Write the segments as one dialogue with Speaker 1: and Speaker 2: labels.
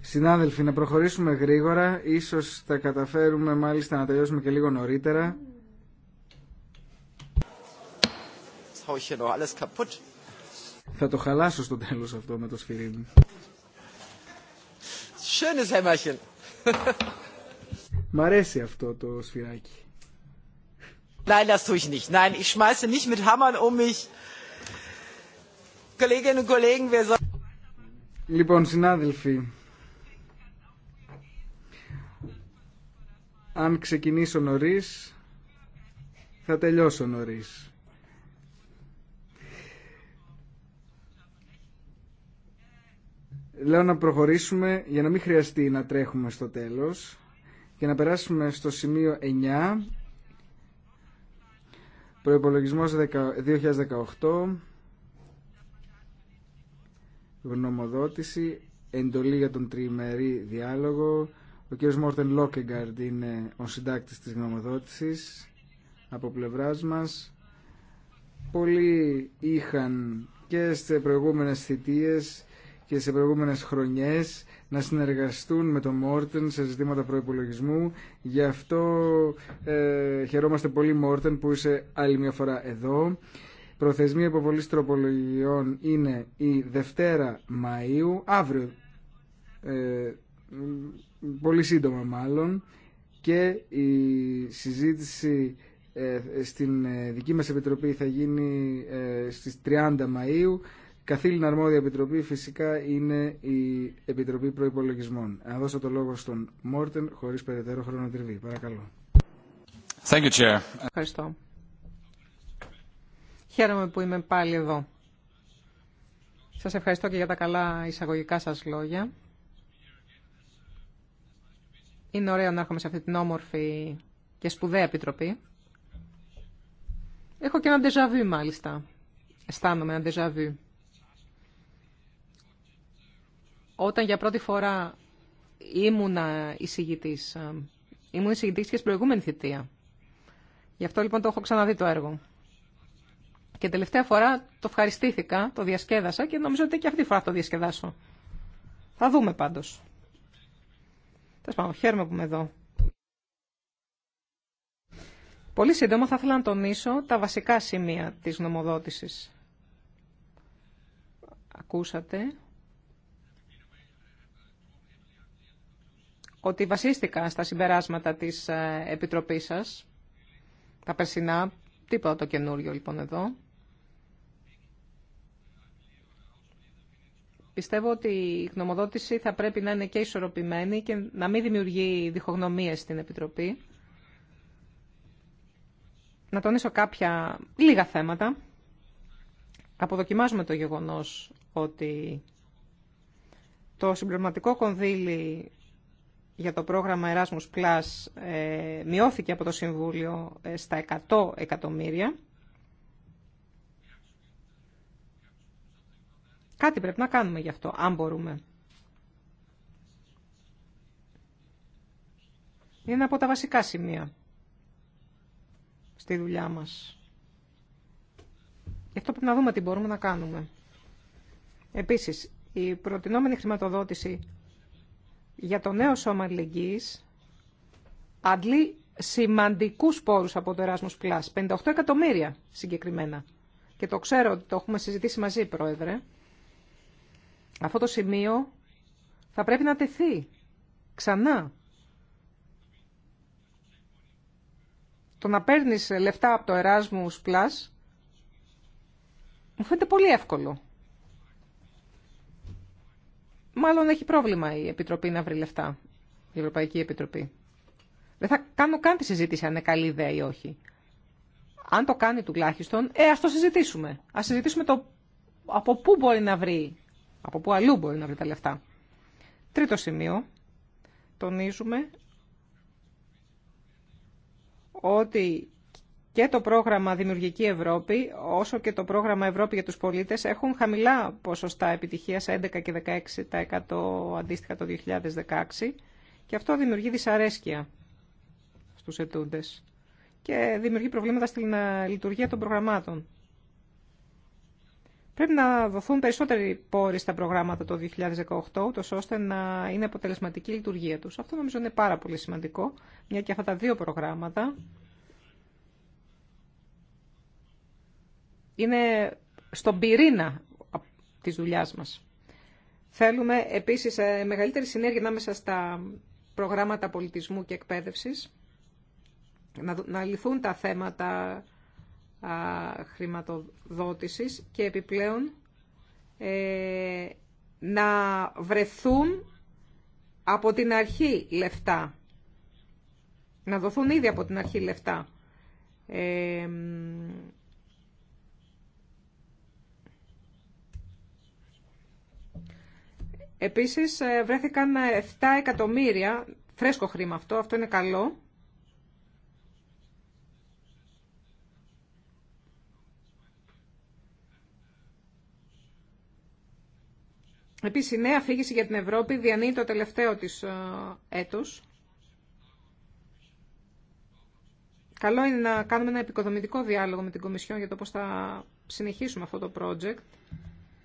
Speaker 1: Συνάδελφοι, να προχωρήσουμε γρήγορα. Ίσως θα καταφέρουμε μάλιστα να τελειώσουμε και λίγο νωρίτερα. Θα το χαλάσω στο τέλος αυτό με το σφυρί μου. Μ' αρέσει αυτό το σφυράκι. Nein, das tue ich nicht. Nein, ich schmeiße nicht mit Hammern um mich. Λοιπόν, συνάδελφοι, αν ξεκινήσω νωρί, θα τελειώσω νωρί. Λέω να προχωρήσουμε για να μην χρειαστεί να τρέχουμε στο τέλος και να περάσουμε στο σημείο 9, προϋπολογισμός 2018, γνωμοδότηση, εντολή για τον τριημερή διάλογο. Ο κ. Μόρτεν Λόκεγκαρντ είναι ο συντάκτης της γνωμοδότησης από πλευράς μας. Πολλοί είχαν και σε προηγούμενες θητείες και σε προηγούμενες χρονιές να συνεργαστούν με τον Μόρτεν σε ζητήματα προϋπολογισμού. Γι' αυτό ε, χαιρόμαστε πολύ Μόρτεν που είσαι άλλη μια φορά εδώ. Προθεσμία υποβολής τροπολογιών είναι η Δευτέρα Μαΐου, αύριο, ε, πολύ σύντομα μάλλον, και η συζήτηση ε, στην ε, δική μας Επιτροπή θα γίνει ε, στις 30 Μαΐου. Καθήλυνα αρμόδια επιτροπή φυσικά είναι η Επιτροπή Προϋπολογισμών. Να δώσω το λόγο στον Μόρτεν χωρίς περαιτέρω χρονοτριβή. Παρακαλώ. Thank you, Chair.
Speaker 2: Ευχαριστώ. Χαίρομαι που είμαι πάλι εδώ. Σας ευχαριστώ και για τα καλά εισαγωγικά σας λόγια. Είναι ωραίο να έρχομαι σε αυτή την όμορφη και σπουδαία επιτροπή. Έχω και ένα ντεζαβί μάλιστα. Αισθάνομαι ένα ντεζαβί. Όταν για πρώτη φορά ήμουνα εισηγητής, ε, ήμουν εισηγητής και στην προηγούμενη θητεία. Γι' αυτό λοιπόν το έχω ξαναδεί το έργο. Και τελευταία φορά το ευχαριστήθηκα, το διασκέδασα και νομίζω ότι και αυτή τη φορά το διασκεδάσω. Θα δούμε πάντως. Τα πάντων, χαίρομαι που είμαι εδώ. Πολύ σύντομα θα ήθελα να τονίσω τα βασικά σημεία της νομοδότησης. Ακούσατε ότι βασίστηκα στα συμπεράσματα της ε, Επιτροπής σας, τα περσινά, τίποτα το καινούριο λοιπόν εδώ. Πιστεύω ότι η γνωμοδότηση θα πρέπει να είναι και ισορροπημένη και να μην δημιουργεί διχογνωμίες στην Επιτροπή. Να τονίσω κάποια λίγα θέματα. Αποδοκιμάζουμε το γεγονός ότι το συμπληρωματικό κονδύλι για το πρόγραμμα Erasmus Plus ε, μειώθηκε από το Συμβούλιο ε, στα 100 εκατομμύρια Κάτι πρέπει να κάνουμε γι' αυτό, αν μπορούμε. Είναι από τα βασικά σημεία στη δουλειά μας. Γι' αυτό πρέπει να δούμε τι μπορούμε να κάνουμε. Επίσης, η προτινόμενη χρηματοδότηση για το νέο σώμα αλληλεγγύης αντλεί σημαντικούς πόρους από το Erasmus 58 εκατομμύρια συγκεκριμένα. Και το ξέρω ότι το έχουμε συζητήσει μαζί, Πρόεδρε, αυτό το σημείο θα πρέπει να τεθεί ξανά. Το να παίρνεις λεφτά από το Erasmus Plus μου φαίνεται πολύ εύκολο. Μάλλον έχει πρόβλημα η Επιτροπή να βρει λεφτά, η Ευρωπαϊκή Επιτροπή. Δεν θα κάνω καν τη συζήτηση αν είναι καλή ιδέα ή όχι. Αν το κάνει τουλάχιστον, ε, ας το συζητήσουμε. Ας συζητήσουμε το από πού μπορεί να βρει από πού αλλού μπορεί να βρει τα λεφτά. Τρίτο σημείο. Τονίζουμε ότι και το πρόγραμμα Δημιουργική Ευρώπη, όσο και το πρόγραμμα Ευρώπη για τους πολίτες, έχουν χαμηλά ποσοστά επιτυχίας, 11 και 16% αντίστοιχα το 2016, και αυτό δημιουργεί δυσαρέσκεια στους ετούντες και δημιουργεί προβλήματα στην ε, λειτουργία των προγραμμάτων. Πρέπει να δοθούν περισσότεροι πόροι στα προγράμματα το 2018, ούτως ώστε να είναι αποτελεσματική η λειτουργία τους. Αυτό νομίζω είναι πάρα πολύ σημαντικό, μια και αυτά τα δύο προγράμματα είναι στον πυρήνα της δουλειά μας. Θέλουμε επίσης ε, μεγαλύτερη συνέργεια ανάμεσα στα προγράμματα πολιτισμού και εκπαίδευσης, να λυθούν τα θέματα χρηματοδότησης και επιπλέον ε, να βρεθούν από την αρχή λεφτά. Να δοθούν ήδη από την αρχή λεφτά. Ε, Επίσης ε, βρέθηκαν 7 εκατομμύρια, φρέσκο χρήμα αυτό, αυτό είναι καλό. Επίσης, η νέα αφήγηση για την Ευρώπη διανύει το τελευταίο της ε, έτος. Καλό είναι να κάνουμε ένα επικοδομητικό διάλογο με την Κομισιόν για το πώς θα συνεχίσουμε αυτό το project,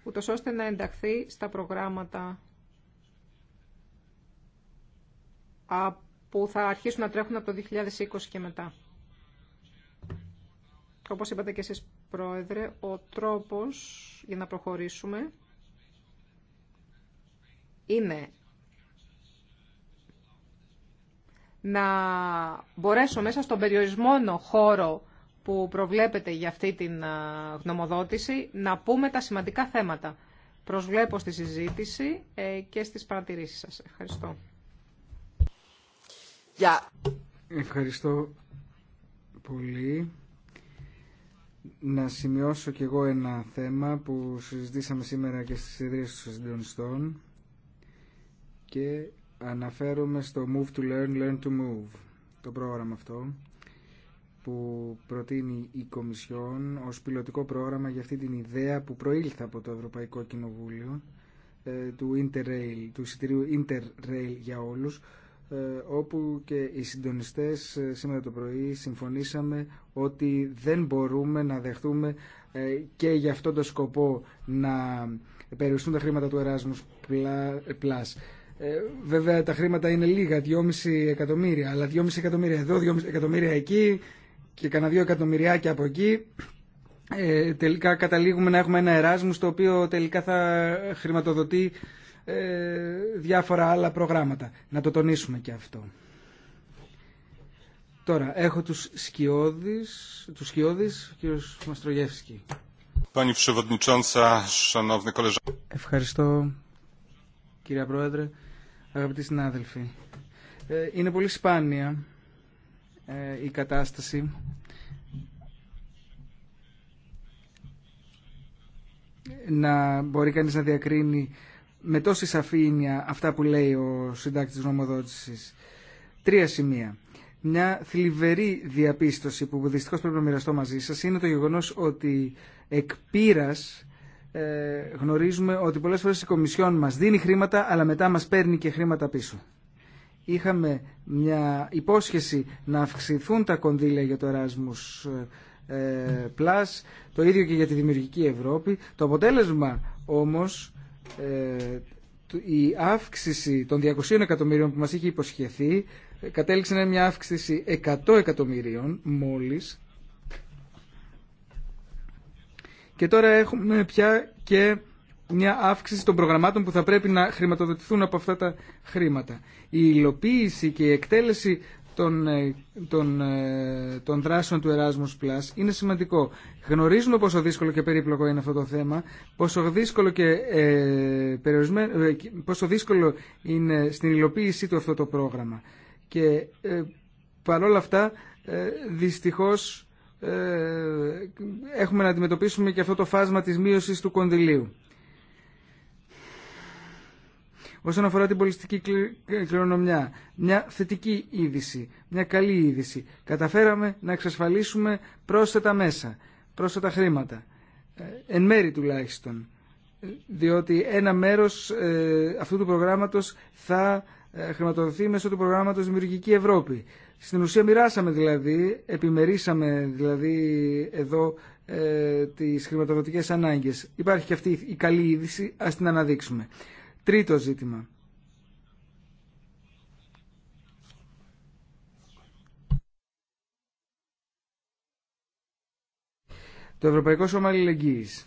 Speaker 2: ούτω ώστε να ενταχθεί στα προγράμματα που θα αρχίσουν να τρέχουν από το 2020 και μετά. Όπως είπατε και εσείς, Πρόεδρε, ο τρόπος για να προχωρήσουμε είναι να μπορέσω μέσα στον περιορισμένο χώρο που προβλέπεται για αυτή την γνωμοδότηση να πούμε τα σημαντικά θέματα. Προσβλέπω στη συζήτηση ε, και στις παρατηρήσεις σας. Ευχαριστώ.
Speaker 1: Yeah. Ευχαριστώ πολύ. Να σημειώσω κι εγώ ένα θέμα που συζητήσαμε σήμερα και στις ιδρύες των συντονιστών και αναφέρομαι στο Move to Learn, Learn to Move, το πρόγραμμα αυτό που προτείνει η Κομισιόν ως πιλωτικό πρόγραμμα για αυτή την ιδέα που προήλθε από το Ευρωπαϊκό Κοινοβούλιο ε, του, Interrail, του εισιτηρίου Interrail για όλους ε, όπου και οι συντονιστές ε, σήμερα το πρωί συμφωνήσαμε ότι δεν μπορούμε να δεχτούμε και για αυτό το σκοπό να περιοριστούν τα χρήματα του Erasmus Plus. Ε, βέβαια τα χρήματα είναι λίγα, 2,5 εκατομμύρια, αλλά 2,5 εκατομμύρια εδώ, 2,5 εκατομμύρια εκεί και κανένα 2 εκατομμυριάκια από εκεί. Ε, τελικά καταλήγουμε να έχουμε ένα εράσμου το οποίο τελικά θα χρηματοδοτεί ε, διάφορα άλλα προγράμματα. Να το τονίσουμε και αυτό. Τώρα, έχω τους σκιώδεις, τους σκιώδεις, κύριος Μαστρογεύσκη. Ευχαριστώ, κυρία Πρόεδρε αγαπητοί συνάδελφοι. Ε, είναι πολύ σπάνια ε, η κατάσταση να μπορεί κανείς να διακρίνει με τόση σαφήνεια αυτά που λέει ο συντάκτης νομοδότησης. Τρία σημεία. Μια θλιβερή διαπίστωση που δυστυχώς πρέπει να μοιραστώ μαζί σας είναι το γεγονός ότι εκ ε, γνωρίζουμε ότι πολλές φορές η Κομισιόν μας δίνει χρήματα αλλά μετά μας παίρνει και χρήματα πίσω. Είχαμε μια υπόσχεση να αυξηθούν τα κονδύλια για το Erasmus ε, Plus, το ίδιο και για τη Δημιουργική Ευρώπη. Το αποτέλεσμα όμως, ε, η αύξηση των 200 εκατομμυρίων που μας είχε υποσχεθεί κατέληξε να είναι μια αύξηση 100 εκατομμυρίων μόλις Και τώρα έχουμε πια και μια αύξηση των προγραμμάτων που θα πρέπει να χρηματοδοτηθούν από αυτά τα χρήματα. Η υλοποίηση και η εκτέλεση των, ε, των, ε, των δράσεων του Erasmus Plus είναι σημαντικό. Γνωρίζουμε πόσο δύσκολο και περίπλοκο είναι αυτό το θέμα, πόσο δύσκολο, και, ε, ε πόσο δύσκολο είναι στην υλοποίησή του αυτό το πρόγραμμα. Και ε, παρόλα αυτά, δυστυχώς ε, έχουμε να αντιμετωπίσουμε και αυτό το φάσμα της μείωσης του κονδυλίου. Όσον αφορά την πολιστική κληρονομιά, μια θετική είδηση, μια καλή είδηση. Καταφέραμε να εξασφαλίσουμε πρόσθετα μέσα, πρόσθετα χρήματα, ε, εν μέρη τουλάχιστον, ε, διότι ένα μέρος αυτού του προγράμματος θα ε, χρηματοδοθεί μέσω του προγράμματος Δημιουργική Ευρώπη. Στην ουσία μοιράσαμε δηλαδή, επιμερίσαμε δηλαδή εδώ ε, τις χρηματοδοτικές ανάγκες. Υπάρχει και αυτή η καλή είδηση, ας την αναδείξουμε. Τρίτο ζήτημα. Το Ευρωπαϊκό Σώμα Αλληλεγγύης.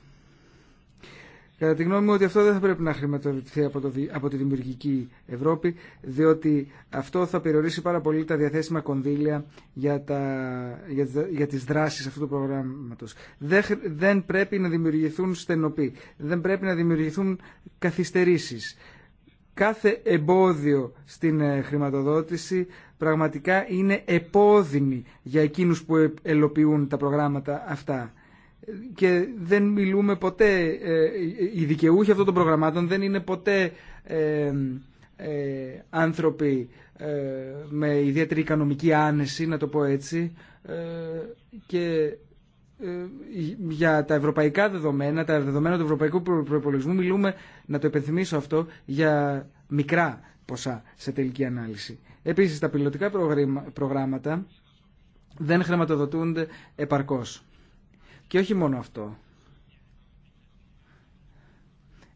Speaker 1: Κατά τη γνώμη μου ότι αυτό δεν θα πρέπει να χρηματοδοτηθεί από, το, από τη δημιουργική Ευρώπη, διότι αυτό θα περιορίσει πάρα πολύ τα διαθέσιμα κονδύλια για, τα, για, για τις δράσεις αυτού του προγράμματος. Δεν, δεν πρέπει να δημιουργηθούν στενοποί, δεν πρέπει να δημιουργηθούν καθυστερήσεις. Κάθε εμπόδιο στην ε, χρηματοδότηση πραγματικά είναι επώδυνη για εκείνους που ε- ελοποιούν τα προγράμματα αυτά και δεν μιλούμε ποτέ, ε, οι δικαιούχοι αυτών των προγραμμάτων δεν είναι ποτέ ε, ε, άνθρωποι με ιδιαίτερη οικονομική άνεση, να το πω έτσι, και για τα ευρωπαϊκά δεδομένα, τα δεδομένα του ευρωπαϊκού προπολογισμού μιλούμε, να το επενθυμίσω αυτό, για μικρά ποσά σε τελική ανάλυση. Επίσης τα πιλωτικά προγράμματα δεν χρηματοδοτούνται επαρκώς. Και όχι μόνο αυτό.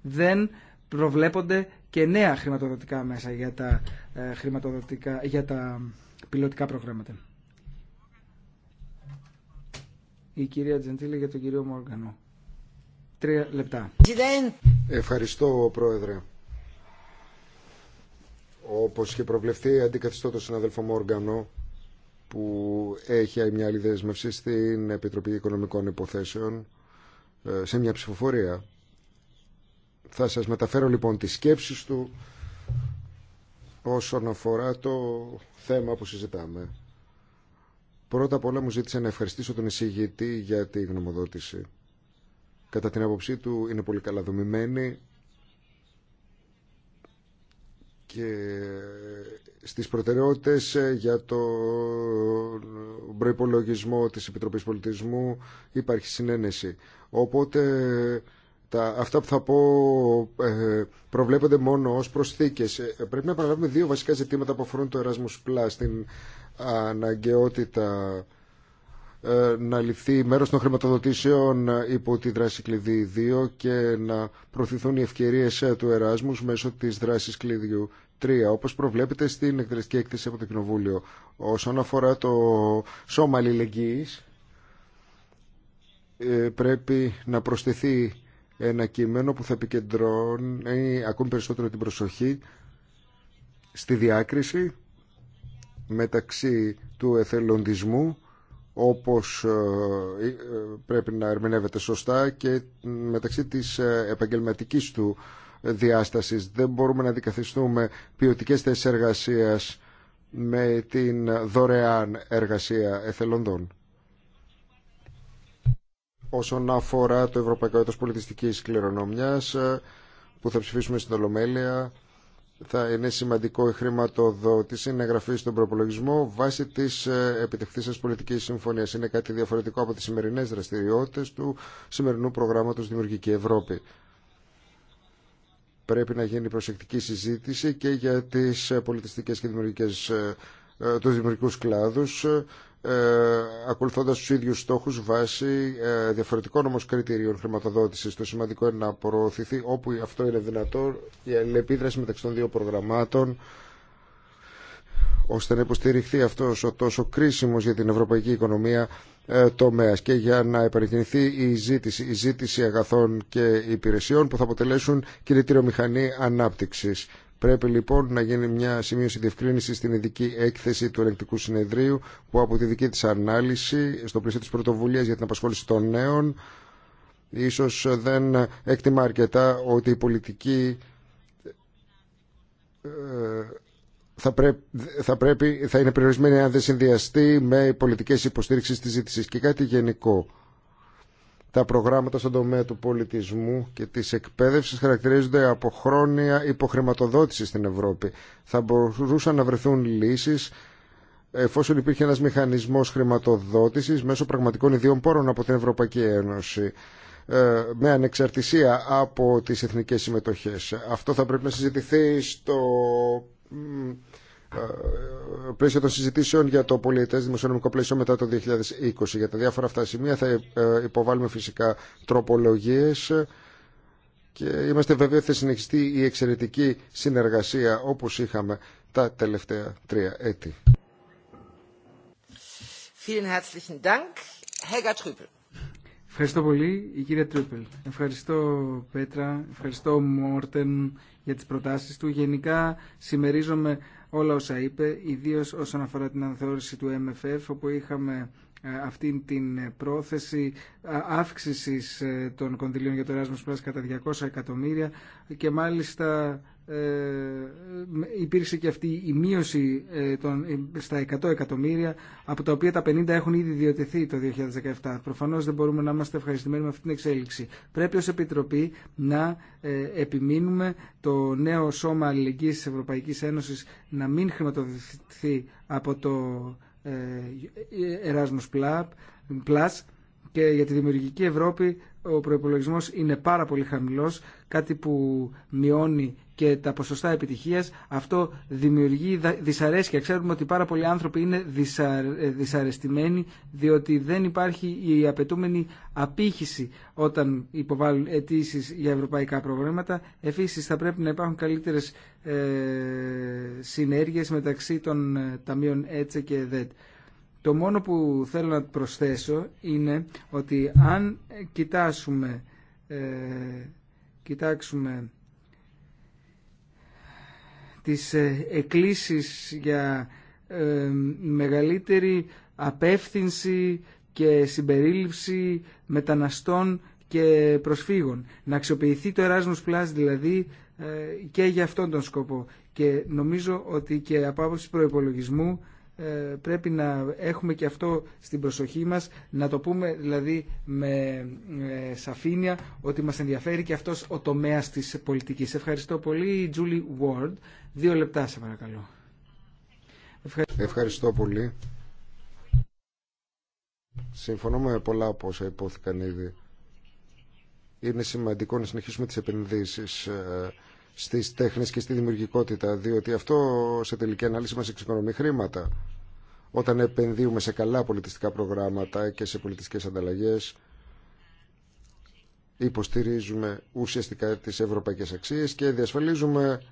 Speaker 1: Δεν προβλέπονται και νέα χρηματοδοτικά μέσα για τα, ε, χρηματοδοτικά, για τα πιλωτικά προγράμματα. Η κυρία Τζεντήλη για τον κύριο Μόργανο.
Speaker 3: Τρία λεπτά. Ευχαριστώ, Πρόεδρε. Όπως είχε προβλεφθεί, αντικαθιστώ τον συναδελφό Μόργανο που έχει μια άλλη δέσμευση στην Επιτροπή Οικονομικών Υποθέσεων ε, σε μια ψηφοφορία. Θα σας μεταφέρω λοιπόν τις σκέψεις του όσον αφορά το θέμα που συζητάμε. Πρώτα απ' όλα μου ζήτησε να ευχαριστήσω τον εισηγητή για τη γνωμοδότηση. Κατά την άποψή του είναι πολύ καλά δομημένη και στις προτεραιότητες ε, για τον προϋπολογισμό της Επιτροπής Πολιτισμού υπάρχει συνένεση. Οπότε τα, αυτά που θα πω ε, προβλέπονται μόνο ως προσθήκες. Ε, πρέπει να παραλάβουμε δύο βασικά ζητήματα που αφορούν το Erasmus Plus, την αναγκαιότητα να ληφθεί μέρος των χρηματοδοτήσεων υπό τη δράση κλειδί 2 και να προωθηθούν οι ευκαιρίες του Εράσμους μέσω της δράσης κλειδιού 3, όπως προβλέπεται στην εκτελεστική έκθεση από το Κοινοβούλιο. Όσον αφορά το σώμα αλληλεγγύης, ε, πρέπει να προσθεθεί ένα κείμενο που θα επικεντρώνει ακόμη περισσότερο την προσοχή στη διάκριση μεταξύ του εθελοντισμού όπως ε, ε, πρέπει να ερμηνεύεται σωστά και μεταξύ της επαγγελματικής του δεν μπορούμε να αντικαθιστούμε ποιοτικέ θέσει εργασίας με την δωρεάν εργασία εθελοντών. Όσον αφορά το Ευρωπαϊκό Έτος Πολιτιστικής Κληρονομιάς που θα ψηφίσουμε στην Ολομέλεια, θα είναι σημαντικό η χρηματοδότηση να εγγραφεί στον προπολογισμό βάσει τη ε, επιτευχθή σα πολιτική συμφωνία. Είναι κάτι διαφορετικό από τι σημερινέ δραστηριότητε του σημερινού προγράμματο Δημιουργική Ευρώπη πρέπει να γίνει προσεκτική συζήτηση και για τις πολιτιστικές και δημιουργικές, ε, ε, τους δημιουργικούς κλάδους ε, ακολουθώντας τους ίδιους στόχους βάσει διαφορετικών όμως κριτηρίων χρηματοδότησης. Το σημαντικό είναι να προωθηθεί όπου αυτό είναι δυνατό η αλληλεπίδραση μεταξύ των δύο προγραμμάτων ώστε να υποστηριχθεί αυτός ο τόσο κρίσιμος για την ευρωπαϊκή οικονομία ε, τομέας και για να επανεκκινηθεί η ζήτηση, η ζήτηση αγαθών και υπηρεσιών που θα αποτελέσουν κινητήριο μηχανή ανάπτυξης. Πρέπει λοιπόν να γίνει μια σημείωση διευκρίνηση στην ειδική έκθεση του ελεγκτικού συνεδρίου που από τη δική της ανάλυση στο πλαίσιο της πρωτοβουλίας για την απασχόληση των νέων ίσως δεν εκτιμά αρκετά ότι η πολιτική ε, θα, πρέ... θα, πρέπει, θα είναι περιορισμένη αν δεν συνδυαστεί με πολιτικέ υποστήριξει τη ζήτηση και κάτι γενικό. Τα προγράμματα στον τομέα του πολιτισμού και τη εκπαίδευση χαρακτηρίζονται από χρόνια υποχρηματοδότηση στην Ευρώπη. Θα μπορούσαν να βρεθούν λύσει εφόσον υπήρχε ένας μηχανισμός χρηματοδότησης μέσω πραγματικών ιδίων πόρων από την Ευρωπαϊκή Ένωση ε, με ανεξαρτησία από τις εθνικές συμμετοχές. Αυτό θα πρέπει να συζητηθεί στο ε, ε, πλαίσιο των συζητήσεων για το πολιτέ δημοσιονομικό πλαίσιο μετά το 2020. Για τα διάφορα αυτά σημεία θα ε, υποβάλουμε φυσικά τροπολογίε και είμαστε βέβαιοι ότι θα συνεχιστεί η εξαιρετική συνεργασία όπως είχαμε τα τελευταία τρία έτη.
Speaker 2: Vielen herzlichen Dank,
Speaker 3: Ευχαριστώ πολύ, η κυρία
Speaker 1: Τρίπελ. Ευχαριστώ, Πέτρα. Ευχαριστώ, Μόρτεν, για τις προτάσεις του. Γενικά, συμμερίζομαι όλα όσα είπε, ιδίως όσον αφορά την αναθεώρηση του MFF, όπου είχαμε ε, αυτή την ε, πρόθεση αύξησης ε, των κονδυλίων για το Erasmus Plus κατά 200 εκατομμύρια και μάλιστα υπήρξε και αυτή η μείωση στα 100 εκατομμύρια από τα οποία τα 50 έχουν ήδη ιδιωτεθεί το 2017. Προφανώς δεν μπορούμε να είμαστε ευχαριστημένοι με αυτή την εξέλιξη. Πρέπει ως Επιτροπή να επιμείνουμε το νέο σώμα αλληλεγγύης της Ευρωπαϊκής Ένωσης να μην χρηματοδοτηθεί από το ε, Erasmus Plus και για τη δημιουργική Ευρώπη ο προϋπολογισμός είναι πάρα πολύ χαμηλός κάτι που μειώνει και τα ποσοστά επιτυχίας, αυτό δημιουργεί δυσαρέσκεια. Ξέρουμε ότι πάρα πολλοί άνθρωποι είναι δυσαρεστημένοι διότι δεν υπάρχει η απαιτούμενη απήχηση όταν υποβάλλουν αιτήσει για ευρωπαϊκά προγράμματα. Επίσης θα πρέπει να υπάρχουν καλύτερες ε, συνέργειες μεταξύ των ε, ταμείων ΕΤΣΕ και ΔΕΤ. Το μόνο που θέλω να προσθέσω είναι ότι αν κοιτάσουμε ε, κοιτάξουμε τις ε, εκκλήσεις για ε, μεγαλύτερη απεύθυνση και συμπερίληψη μεταναστών και προσφύγων. Να αξιοποιηθεί το Erasmus Plus δηλαδή ε, και για αυτόν τον σκοπό. Και νομίζω ότι και από άποψη προϋπολογισμού ε, πρέπει να έχουμε και αυτό στην προσοχή μας, να το πούμε δηλαδή με σαφήνεια ότι μας ενδιαφέρει και αυτός ο τομέας της πολιτικής. Ευχαριστώ πολύ, Julie Ward. Δύο λεπτά σε παρακαλώ.
Speaker 3: Ευχαριστώ, πολύ. Συμφωνώ με πολλά από όσα υπόθηκαν ήδη. Είναι σημαντικό να συνεχίσουμε τις επενδύσεις ε, στις τέχνες και στη δημιουργικότητα, διότι αυτό σε τελική ανάλυση μας εξοικονομεί χρήματα. Όταν επενδύουμε σε καλά πολιτιστικά προγράμματα και σε πολιτιστικές ανταλλαγές, υποστηρίζουμε ουσιαστικά τις ευρωπαϊκές αξίες και διασφαλίζουμε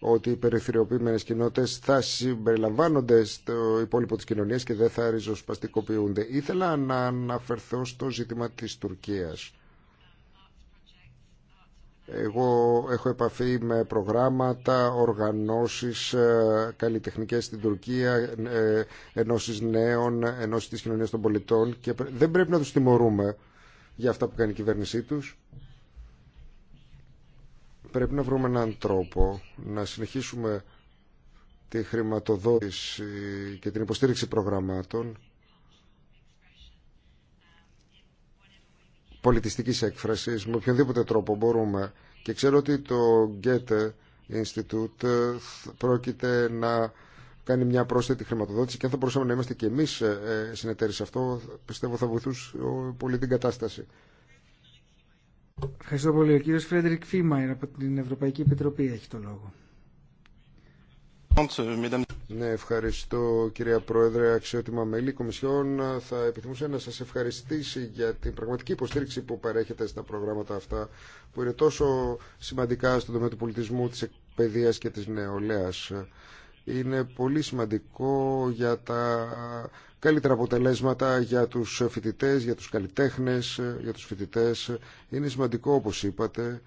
Speaker 3: ότι οι περιφερειοποιημένες κοινότητες θα συμπεριλαμβάνονται στο υπόλοιπο της κοινωνίας και δεν θα ριζοσπαστικοποιούνται. Ήθελα να αναφερθώ στο ζήτημα της Τουρκίας εγώ έχω επαφή με προγράμματα, οργανώσεις ε, καλλιτεχνικές στην Τουρκία, ε, ενώσεις νέων, ενώσεις της κοινωνίας των πολιτών και δεν πρέπει να τους τιμωρούμε για αυτά που κάνει η κυβέρνησή τους. Πρέπει να βρούμε έναν τρόπο να συνεχίσουμε τη χρηματοδότηση και την υποστήριξη προγραμμάτων πολιτιστικής έκφρασης με οποιονδήποτε τρόπο μπορούμε. Και ξέρω ότι το Goethe Institute ε, πρόκειται να κάνει μια πρόσθετη χρηματοδότηση και αν θα μπορούσαμε να είμαστε και εμείς ε, ε, συνεταίροι σε αυτό, πιστεύω θα βοηθούσε πολύ την κατάσταση.
Speaker 1: Ευχαριστώ πολύ. Ο κύριος Φρέντερικ Φίμαϊρ από την Ευρωπαϊκή Επιτροπή έχει το λόγο.
Speaker 3: Ναι, ευχαριστώ κυρία Πρόεδρε, αξιότιμα μέλη Κομισιόν. Θα επιθυμούσα να σας ευχαριστήσει για την πραγματική υποστήριξη που παρέχετε στα προγράμματα αυτά, που είναι τόσο σημαντικά στον τομέα του πολιτισμού, της παιδείας και της νεολαίας. Είναι πολύ σημαντικό για τα καλύτερα αποτελέσματα για τους φοιτητές, για τους καλλιτέχνες, για τους φοιτητές. Είναι σημαντικό, όπως είπατε,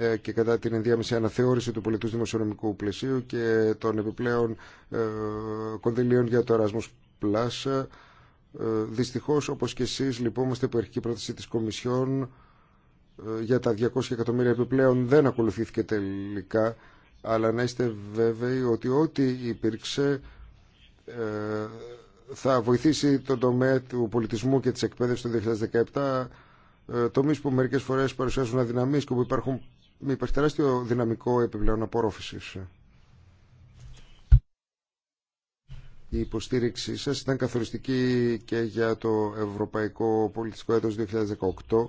Speaker 3: ε, και κατά την ενδιάμεση αναθεώρηση του πολιτού δημοσιονομικού πλαισίου και των επιπλέον ε, κονδυλίων για το Erasmus Plus. Ε, Δυστυχώ όπως και εσείς, λυπόμαστε που η αρχική πρόταση τη Κομισιόν για τα 200 εκατομμύρια επιπλέον δεν ακολουθήθηκε τελικά, αλλά να είστε βέβαιοι ότι ό,τι υπήρξε θα βοηθήσει τον τομέα του πολιτισμού και της εκπαίδευσης το 2017 τομεί που μερικές φορέ παρουσιάζουν αδυναμίε και που υπάρχουν με υπάρχει τεράστιο δυναμικό επιπλέον απορρόφησης. Η υποστήριξή σας ήταν καθοριστική και για το Ευρωπαϊκό Πολιτιστικό Έτος 2018.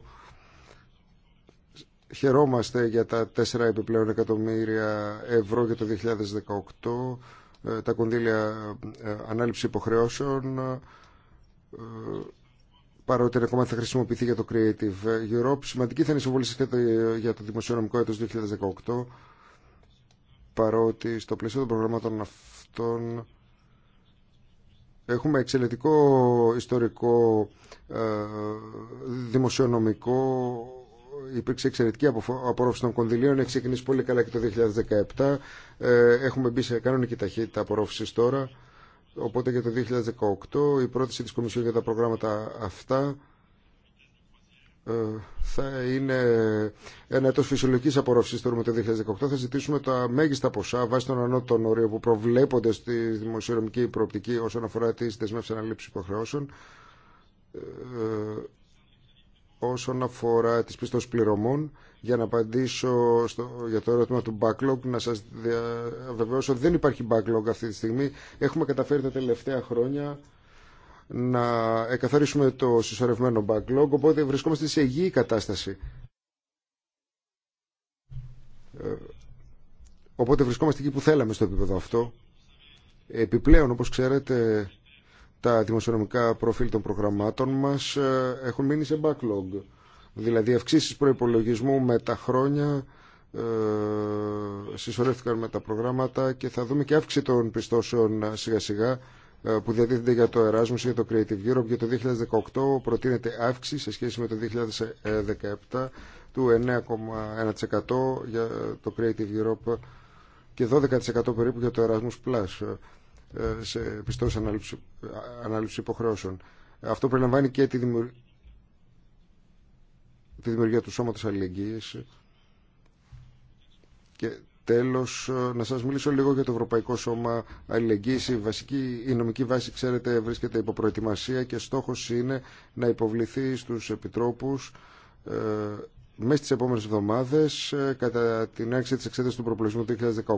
Speaker 3: Χαιρόμαστε για τα 4 επιπλέον εκατομμύρια ευρώ για το 2018, ε, τα κονδύλια ε, ανάληψη υποχρεώσεων ε, παρότι ακόμα θα χρησιμοποιηθεί για το Creative Europe. Σημαντική θα είναι η συμβολή για το δημοσιονομικό έτος 2018, παρότι στο πλαίσιο των προγραμμάτων αυτών έχουμε εξαιρετικό ιστορικό ε, δημοσιονομικό υπήρξε εξαιρετική απορρόφηση των κονδυλίων, έχει ξεκινήσει πολύ καλά και το 2017. Ε, έχουμε μπει σε κανονική ταχύτητα απορρόφησης τώρα. Οπότε για το 2018 η πρόταση της Κομισιόν για τα προγράμματα αυτά ε, θα είναι ένα έτος φυσιολογικής απορρόφησης θεωρούμε το 2018. Θα ζητήσουμε τα μέγιστα ποσά βάσει των ανώτων ορίων που προβλέπονται στη δημοσιονομική προοπτική όσον αφορά τις δεσμεύσεις αναλήψης υποχρεώσεων ε, ε, όσον αφορά τις πιστώσεις πληρωμών για να απαντήσω στο, για το ερώτημα του backlog, να σας βεβαιώσω ότι δεν υπάρχει backlog αυτή τη στιγμή. Έχουμε καταφέρει τα τελευταία χρόνια να εκαθαρίσουμε το συσσωρευμένο backlog, οπότε βρισκόμαστε σε υγιή κατάσταση. Ε, οπότε βρισκόμαστε εκεί που θέλαμε στο επίπεδο αυτό. Επιπλέον, όπως ξέρετε, τα δημοσιονομικά προφίλ των προγραμμάτων μας ε, έχουν μείνει σε backlog. Δηλαδή αυξήσεις προϋπολογισμού με τα χρόνια ε, συσσωρεύτηκαν με τα προγράμματα και θα δούμε και αύξηση των πιστώσεων ε, σιγά σιγά ε, που διαδίδεται για το Erasmus για το Creative Europe για το 2018 προτείνεται αύξηση σε σχέση με το 2017 του 9,1% για ε, το Creative Europe και 12% περίπου για το Erasmus Plus σε πιστώσεις ανάληψη υποχρεώσεων. Αυτό περιλαμβάνει και τη δημιουργία τη δημιουργία του Σώματος Αλληλεγγύης. Και τέλος, να σας μιλήσω λίγο για το Ευρωπαϊκό Σώμα Αλληλεγγύης. Η, βασική, η νομική βάση, ξέρετε, βρίσκεται υπό προετοιμασία και στόχος είναι να υποβληθεί στους επιτρόπους ε, μέσα στις επόμενες εβδομάδες, ε, κατά την έξι της εξέτασης του προπολογισμού